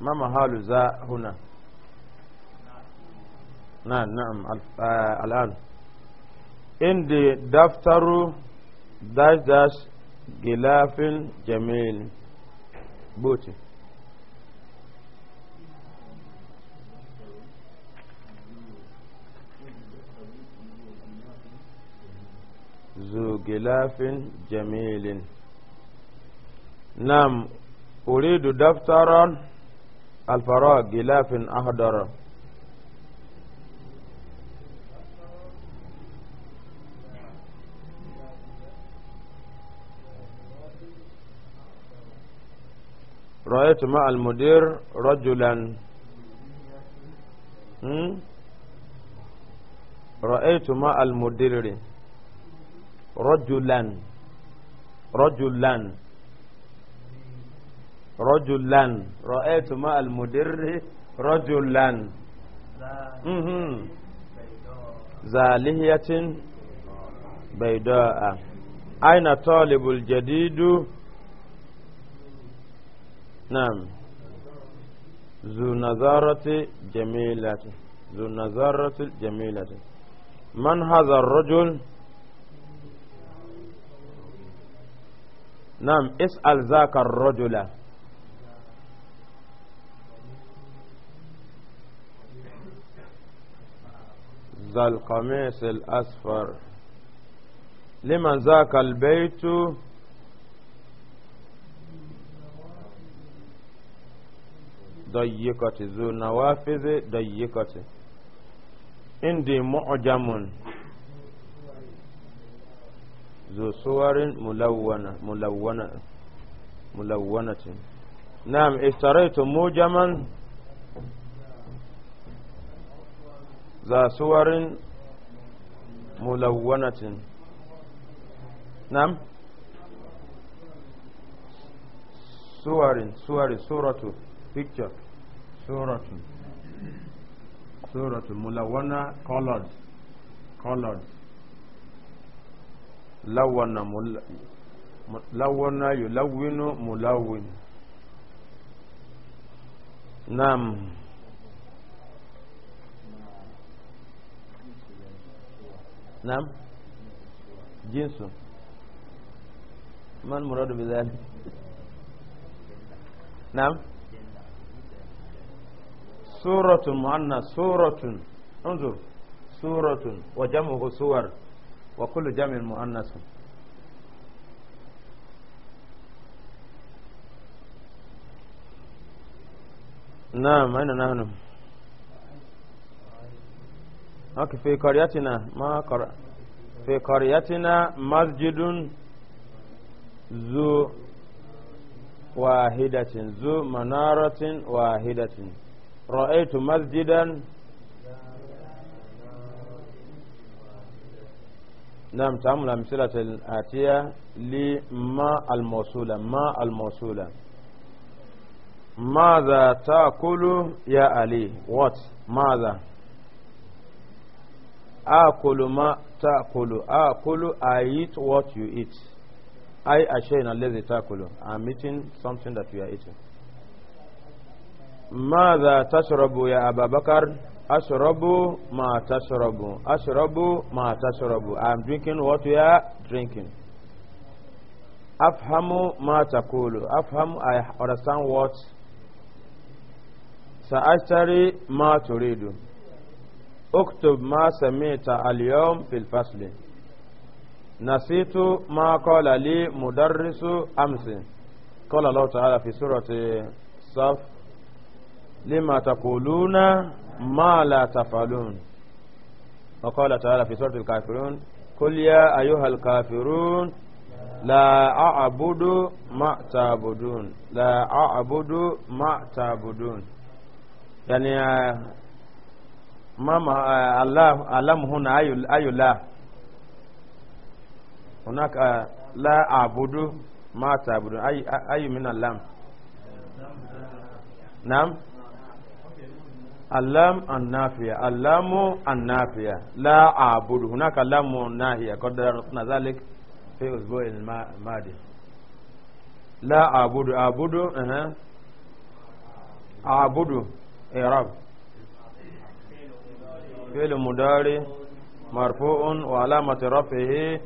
ما محل ذا هنا نعم نعم آه الآن عندي دفتر داش داش غلاف جميل بوتي ذو غلاف جميل نعم أريد دفترا الفراغ غلاف أهدر رأيت مع المدير رجلا رأيت مع المدير رجلا رجلا رجلا رأيت مع المدر رجلا ذا لهية بيضاء أين طالب الجديد نعم ذو نظارة جميلة ذو نظارة جميلة من هذا الرجل؟ نعم اسأل ذاك الرجل ذا القميص الأصفر لمن ذاك البيت ضيقة ذو نوافذ ضيقة عندي معجم ذو صور ملونة ملونة ملونة نعم اشتريت موجما ذا صور ملونة نعم صور صور صورة picture صورة صورة ملونة colored colored لون مل... لون يلون ملون نعم نعم جنس ما المراد بذلك نعم سورة معنى سورة انظر سورة وجمعه سور وكل جمع مؤنث نعم أين نحن أوكي في قريتنا ما قر... في قريتنا مسجد ذو واحدة ذو منارة واحدة رأيت مسجدا نعم تعمل أمثلة الآتية لما الموصولة ما الموصولة ماذا تأكل يا علي what ماذا أكل ما تأكل أكل I eat what you eat I أشين الذي تأكل I'm eating something that you are eating ماذا تشرب يا أبا بكر ashrabu ma tashrabu ashrabu ma I am drinking what you are drinking afhamu ma taqulu afhamu i understand what sa'ashtari ma turidu اكتب ma سمعت aliyom في الفصل نسيت ما قال لي مدرس أمس قال الله تعالى في سورة صف ما لا تفعلون وقال تعالى في سورة الكافرون قل يا أيها الكافرون لا أعبد ما تعبدون لا أعبد ما تعبدون يعني ماما الله ألم هنا أي لا هناك لا أعبد ما تعبدون أي أي من اللام نعم اللام النافية اللام النافية لا أعبد هناك لام ناهية قد درسنا ذلك في الأسبوع الماضي لا أعبد أعبد أه. أعبد إعراب فعل مضارع مرفوع وعلامة رفعه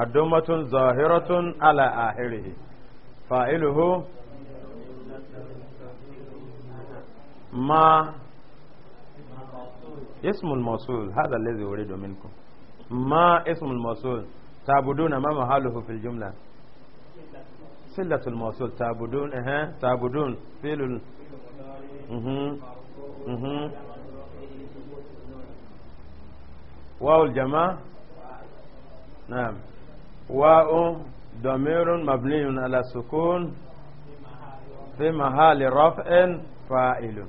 الدمة ظاهرة على آخره فاعله ما اسم الموصول هذا الذي أريد منكم ما اسم الموصول تعبدون ما محله في الجملة سلة الموصول تعبدون اها تعبدون فعل ال... واو الجماعة نعم واو ضمير مبني على السكون في محل رفع فاعل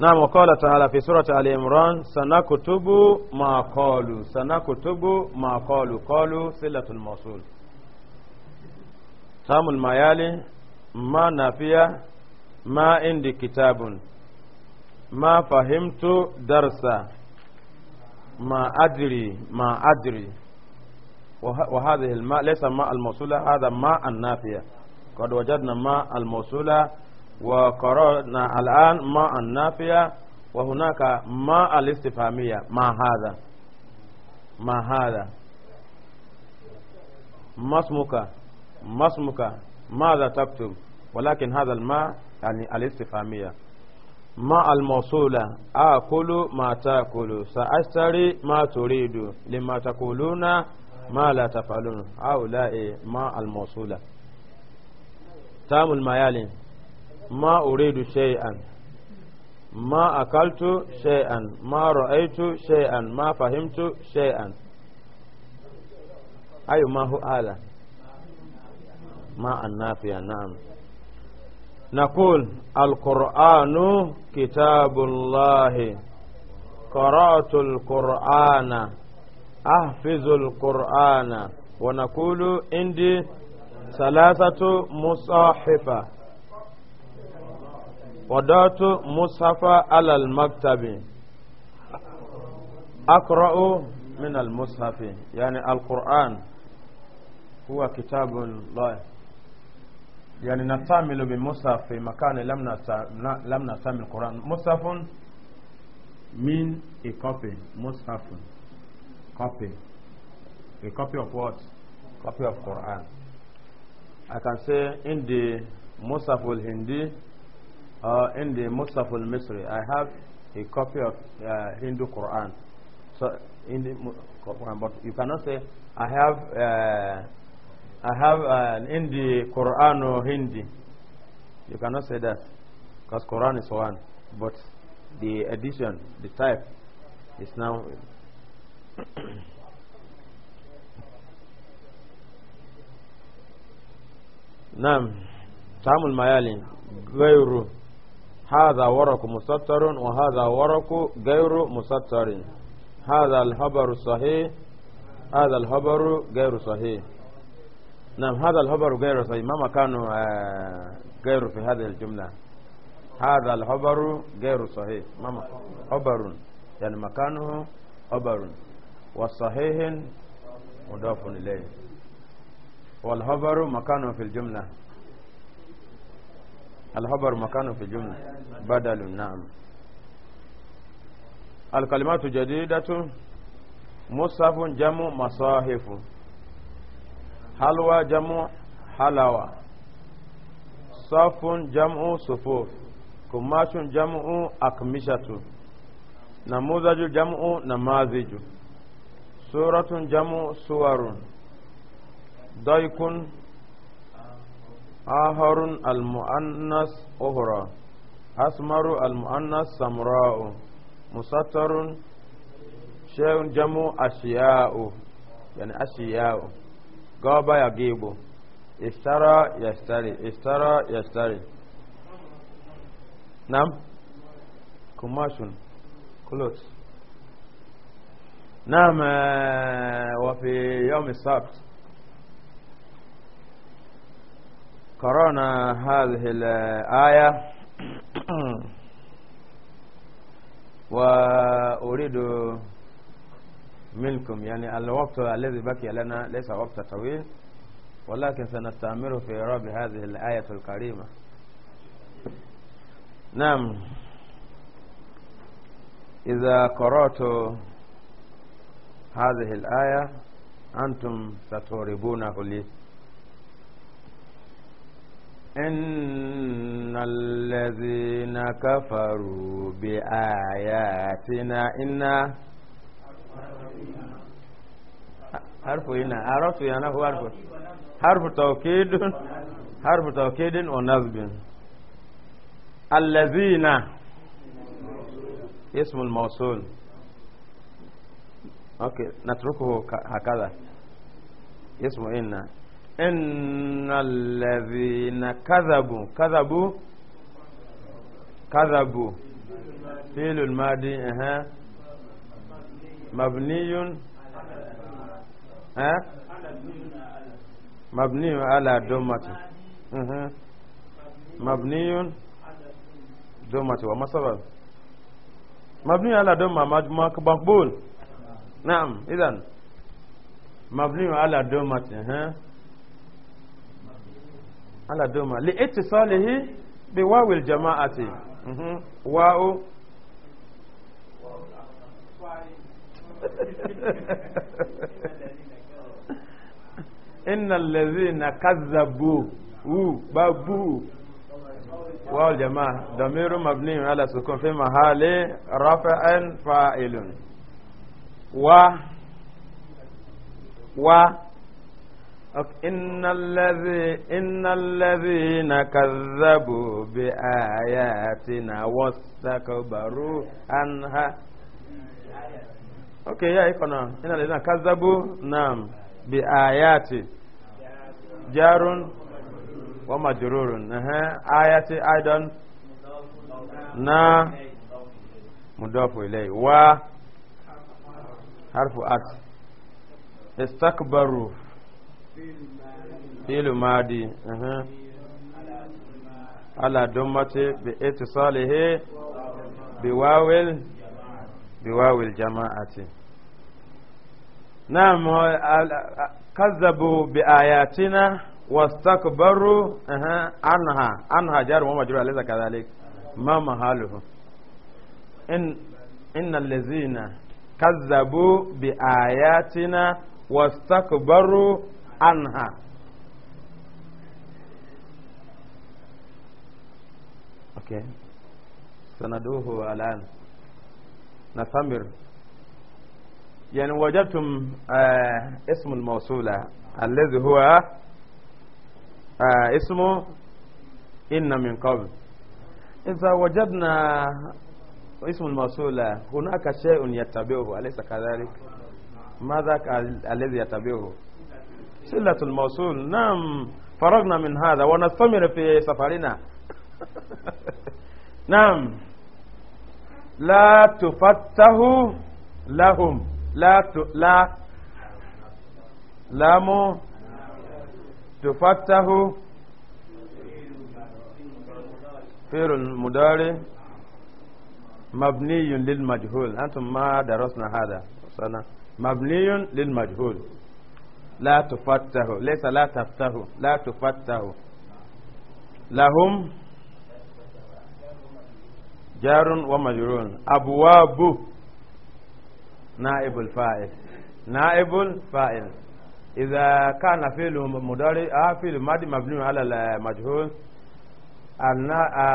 نعم وقال تعالى في سورة آل عمران سنكتب ما قالوا سنكتب ما قالوا قالوا صلة الموصول تام الميالي ما نافية ما عندي كتاب ما فهمت درسا ما أدري ما أدري وهذه الماء ليس ماء الموصولة هذا ماء النافية قد وجدنا ماء الموصولة وقرأنا الآن ماء النافية وهناك ماء الاستفهامية ما هذا ما هذا ما اسمك ما اسمك ماذا تكتب ولكن هذا الماء يعني الاستفهامية ماء الموصولة آكل ما تأكل سأشتري ما تريد لما تقولون ما لا تفعلون هؤلاء ماء الموصولة تام الميالين ما أريد شيئا ما أكلت شيئا ما رأيت شيئا ما فهمت شيئا أي أيوة، ما هو آلة ما النافية نعم نقول القرآن كتاب الله قرأت القرآن أحفظ القرآن ونقول عندي ثلاثة مصاحفة وضعت مصحف على المكتب أقرأ من المصحف يعني القرآن هو كتاب الله يعني نستعمل بمصحف في مكان لم لم نستعمل القرآن مصحف من a copy مصحف copy a copy of what copy of Quran I can say in the مصحف الهندي uh, in the Musaf al-Misri. I have a copy of uh, Hindu Quran. So in the Quran, but you cannot say I have uh, I have an uh, Hindi Quran or Hindi. You cannot say that because Quran is one, but the edition, the type, is now. نعم تعامل ميالي غيره هذا ورق مسطر وهذا ورق غير مسطر هذا الخبر صحيح هذا الخبر غير صحيح نعم هذا الخبر غير صحيح ما مكانه آه، غير في هذه الجملة هذا الخبر غير صحيح ما خبر يعني مكانه خبر والصحيح مضاف إليه والخبر مكانه في الجملة الخبر مكانه في الجملة بدل نعم الكلمات جديدة مصحف جمع مصاحف حلوى جمع حلوى صف جمع صفوف كماش جمع أقمشة نموذج جمع نماذج سورة جمع سور ضيق آخر المؤنس أخرى أسمر المؤنس سمراء مسطر شيء جمع أشياء يعني أشياء غاب يجيب اشترى يشتري اشترى يشتري نعم كماشون كلوت نعم آه، وفي يوم السبت قرأنا هذه الآية <clears throat> وأريد منكم يعني الوقت الذي بقي لنا ليس وقت طويل ولكن سنستعمله في إعراب هذه الآية الكريمة نعم إذا قرأت هذه الآية أنتم ستهربونه لي إن الذين كفروا بآياتنا إن حرف هنا عرفت يعني هو حرف حرف توكيد حرف توكيد ونصب الذين اسم الموصول اوكي نتركه هكذا اسم إن إن الذين كذبوا كذبوا كذبوا فعل الماضي ها مبني ها مبني على دمته مبني دمته وما سبب مبني على دمة مقبول نعم إذن مبني على دمته ها ala doma li ittisalihi bi wawil jama'ati mhm wa'u innal ladhina kazzabu u babu wawil jama'a damiru mabniun ala sukun fi mahali rafa'an fa'ilun wa wa إن الذي إن الذين كذبوا بآياتنا واستكبروا عنها أوكي يا إخوانا نعم. إن الذين كذبوا نعم بآيات جار ومجرور أها آيات أيضا نا مضاف إليه و حرف أت استكبروا فعل ماضي أها على دمة باتصاله بواو بواو الجماعة نعم كذبوا بآياتنا واستكبروا أها عنها عنها جار ومجرور ليس كذلك ما محاله إن إن الذين كذبوا بآياتنا واستكبروا عنها أوكي سندوه الآن نستمر يعني وجدتم آه اسم الموصولة الذي هو آه اسمه إن من قبل إذا وجدنا اسم الموصولة هناك شيء يتبعه أليس كذلك ماذا الذي يتبعه سلة الموصول نعم فرغنا من هذا ونستمر في سفرنا <laughs> نعم لا تفتح لهم لا ت... لا لام تفتح فعل المضارع مبني للمجهول أنتم ما درسنا هذا مبني للمجهول لا تفتح ليس لا تفتح لا تفتح لهم جار ومجرون أبواب نائب الفاعل نائب الفاعل إذا كان فعل مضارع آه، فعل ماضي مبني على المجهول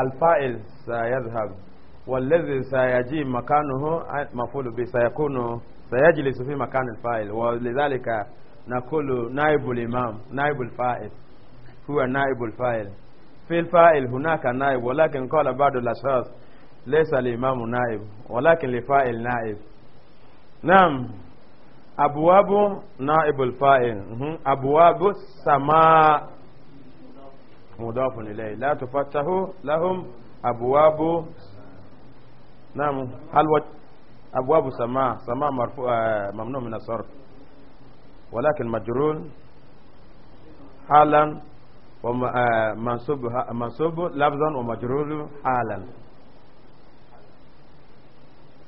الفاعل سيذهب والذي سيجي مكانه آه، مفعول به سيكون سيجلس في مكان الفاعل ولذلك نقول نائب الإمام نائب الفائل هو نائب الفائل في الفائل هناك نائب ولكن قال بعض الأشخاص ليس الإمام نائب ولكن الفائل نائب نعم أبواب نائب الفائل أبواب السماء مضاف إليه لا تفتح لهم أبواب نعم هل أبواب السماء سماء مرفوع آه، ممنوع من الصرف ولكن مجرور حالا ومنصوب آه، منصوب لفظا ومجرور حالا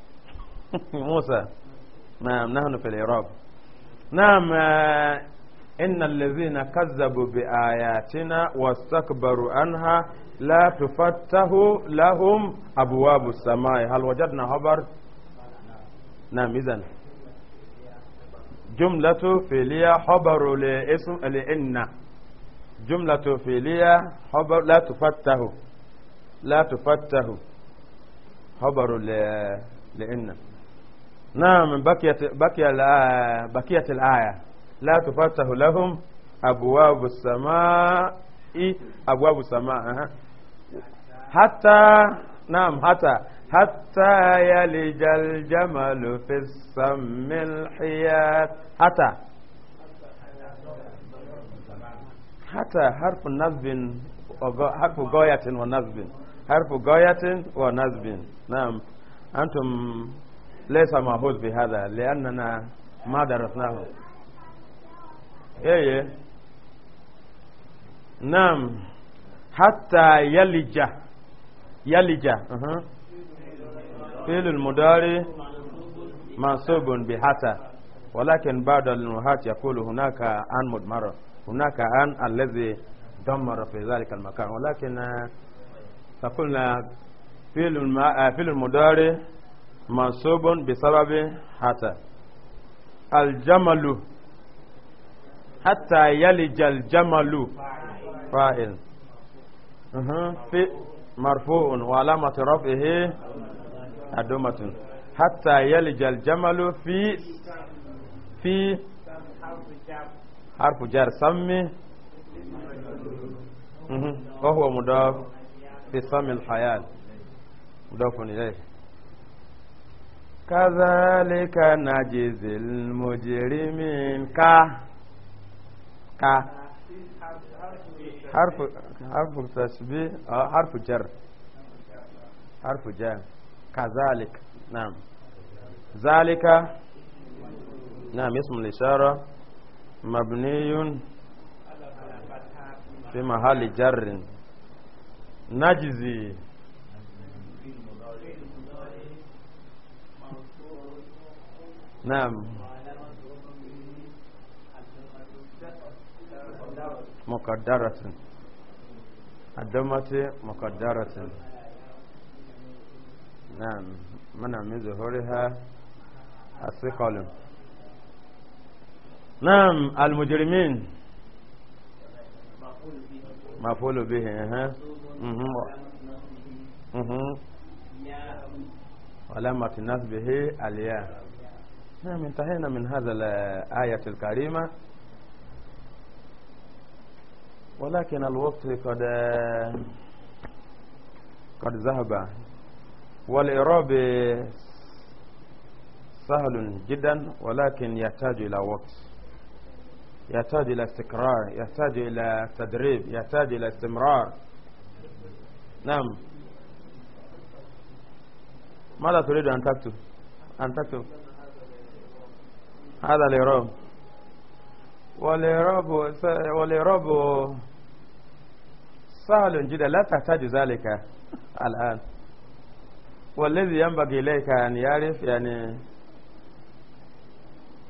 <laughs> موسى نعم نحن في الإعراب نعم آه، إن الذين كذبوا بآياتنا واستكبروا عنها لا تفتح لهم أبواب السماء هل وجدنا خبر نعم إذن جملة فيليا حبر لاسم لإن جملة فيليا حبر لا تفتح لا تفتح خبر لإن نعم بقيت بقي الآية بقيت الآية لا تفتح لهم أبواب السماء أبواب السماء حتى نعم حتى حتى يلج الجمل في السم الحيات حتى حتى حرف نصب حرف غاية ونصب حرف غاية ونصب نعم أنتم ليس مأخوذ بهذا لأننا ما درسناه إيه, إيه. نعم حتى يلج يلج أه. فعل المضارع منصوب بحتى ولكن بعد النهات يقول هناك ان مضمر هناك ان الذي دمر في ذلك المكان ولكن آه، فقلنا فعل آه، فعل المضارع منصوب بسبب حتى الجمل حتى يلج الجمل فاعل مرفوع وعلامة رفعه adomatun hatta yalijal jamalu fi fi harfu jar sammi وهو مضاف في سم الحياة مضاف إليه كذلك نجزي المجرمين ك ك حرف حرف تشبيه حرف جر حرف جر كذلك نعم ذلك نعم اسم الإشارة مبني في محل جر نجزي نعم مقدرة الدمة مقدرة نعم منع من ظهورها الثقل نعم المجرمين مفعول به ها تنس به الياء نعم انتهينا من هذا الآية الكريمة ولكن الوقت قد قد ذهب والإعراب سهل جدا ولكن يحتاج إلى وقت يحتاج إلى استقرار يحتاج إلى تدريب يحتاج إلى استمرار نعم ماذا تريد أن تكتب أن تكتب هذا الإعراب والإعراب والإعراب سهل جدا لا تحتاج ذلك الآن والذي ينبغي لك أن يعرف يعني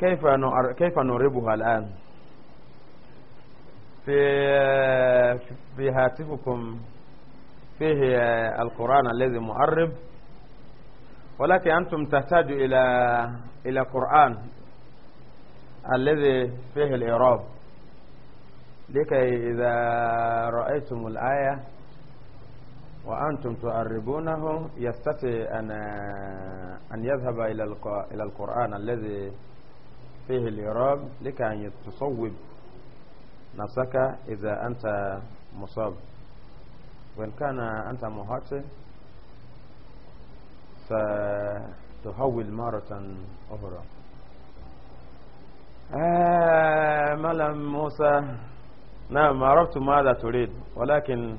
كيف كيف نربها الآن في في هاتفكم فيه القرآن الذي معرب ولكن أنتم تحتاج إلى إلى قرآن الذي فيه الإعراب لكي إذا رأيتم الآية وأنتم تؤربونه يستطيع أن أن يذهب إلى إلى القرآن الذي فيه الإعراب لكي تصوب نفسك إذا أنت مصاب وإن كان أنت مهاتي فتحول مرة أخرى آه ملم موسى نعم عرفت ماذا تريد ولكن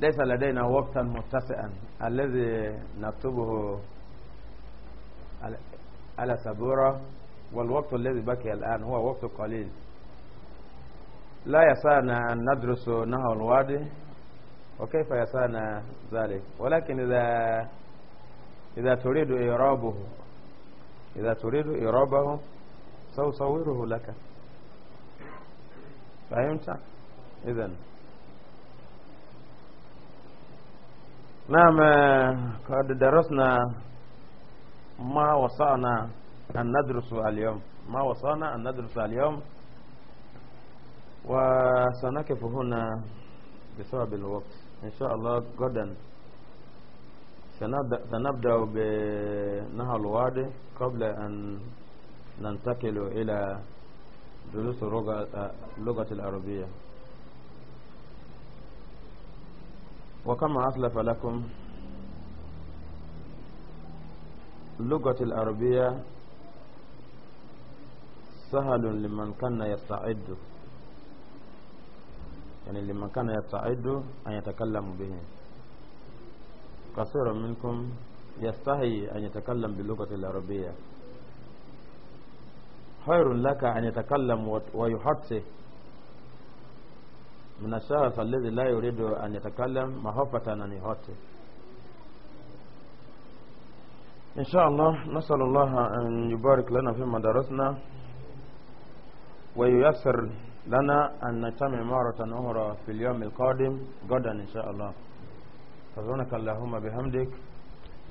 ليس لدينا وقتا متسعا الذي نكتبه على سبورة والوقت الذي بقي الآن هو وقت قليل لا يسعنا أن ندرس نهر الوادي وكيف يسعنا ذلك ولكن إذا إذا تريد إيرابه إذا تريد إيرابه سأصوره لك فهمت؟ إذن نعم قد درسنا ما وصانا أن ندرس اليوم ما وصانا أن ندرس اليوم وسنقف هنا بسبب الوقت إن شاء الله غدا سنبدأ بنهر الوادي قبل أن ننتقل إلى دروس اللغة العربية وكما أسلف لكم لغة العربية سهل لمن كان يستعد يعني لمن كان يستعد أن يتكلم به كثير منكم يستحي أن يتكلم باللغة العربية خير لك أن يتكلم ويحدث من الشخص الذي لا يريد أن يتكلم مخافة أن يهاتف إن شاء الله نسأل الله أن يبارك لنا فيما درسنا وييسر لنا أن نجتمع مرة أخرى في اليوم القادم غدا إن شاء الله سبحانك اللهم بحمدك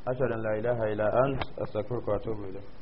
أشهد أن لا إله إلا أنت أستغفرك وأتوب إليك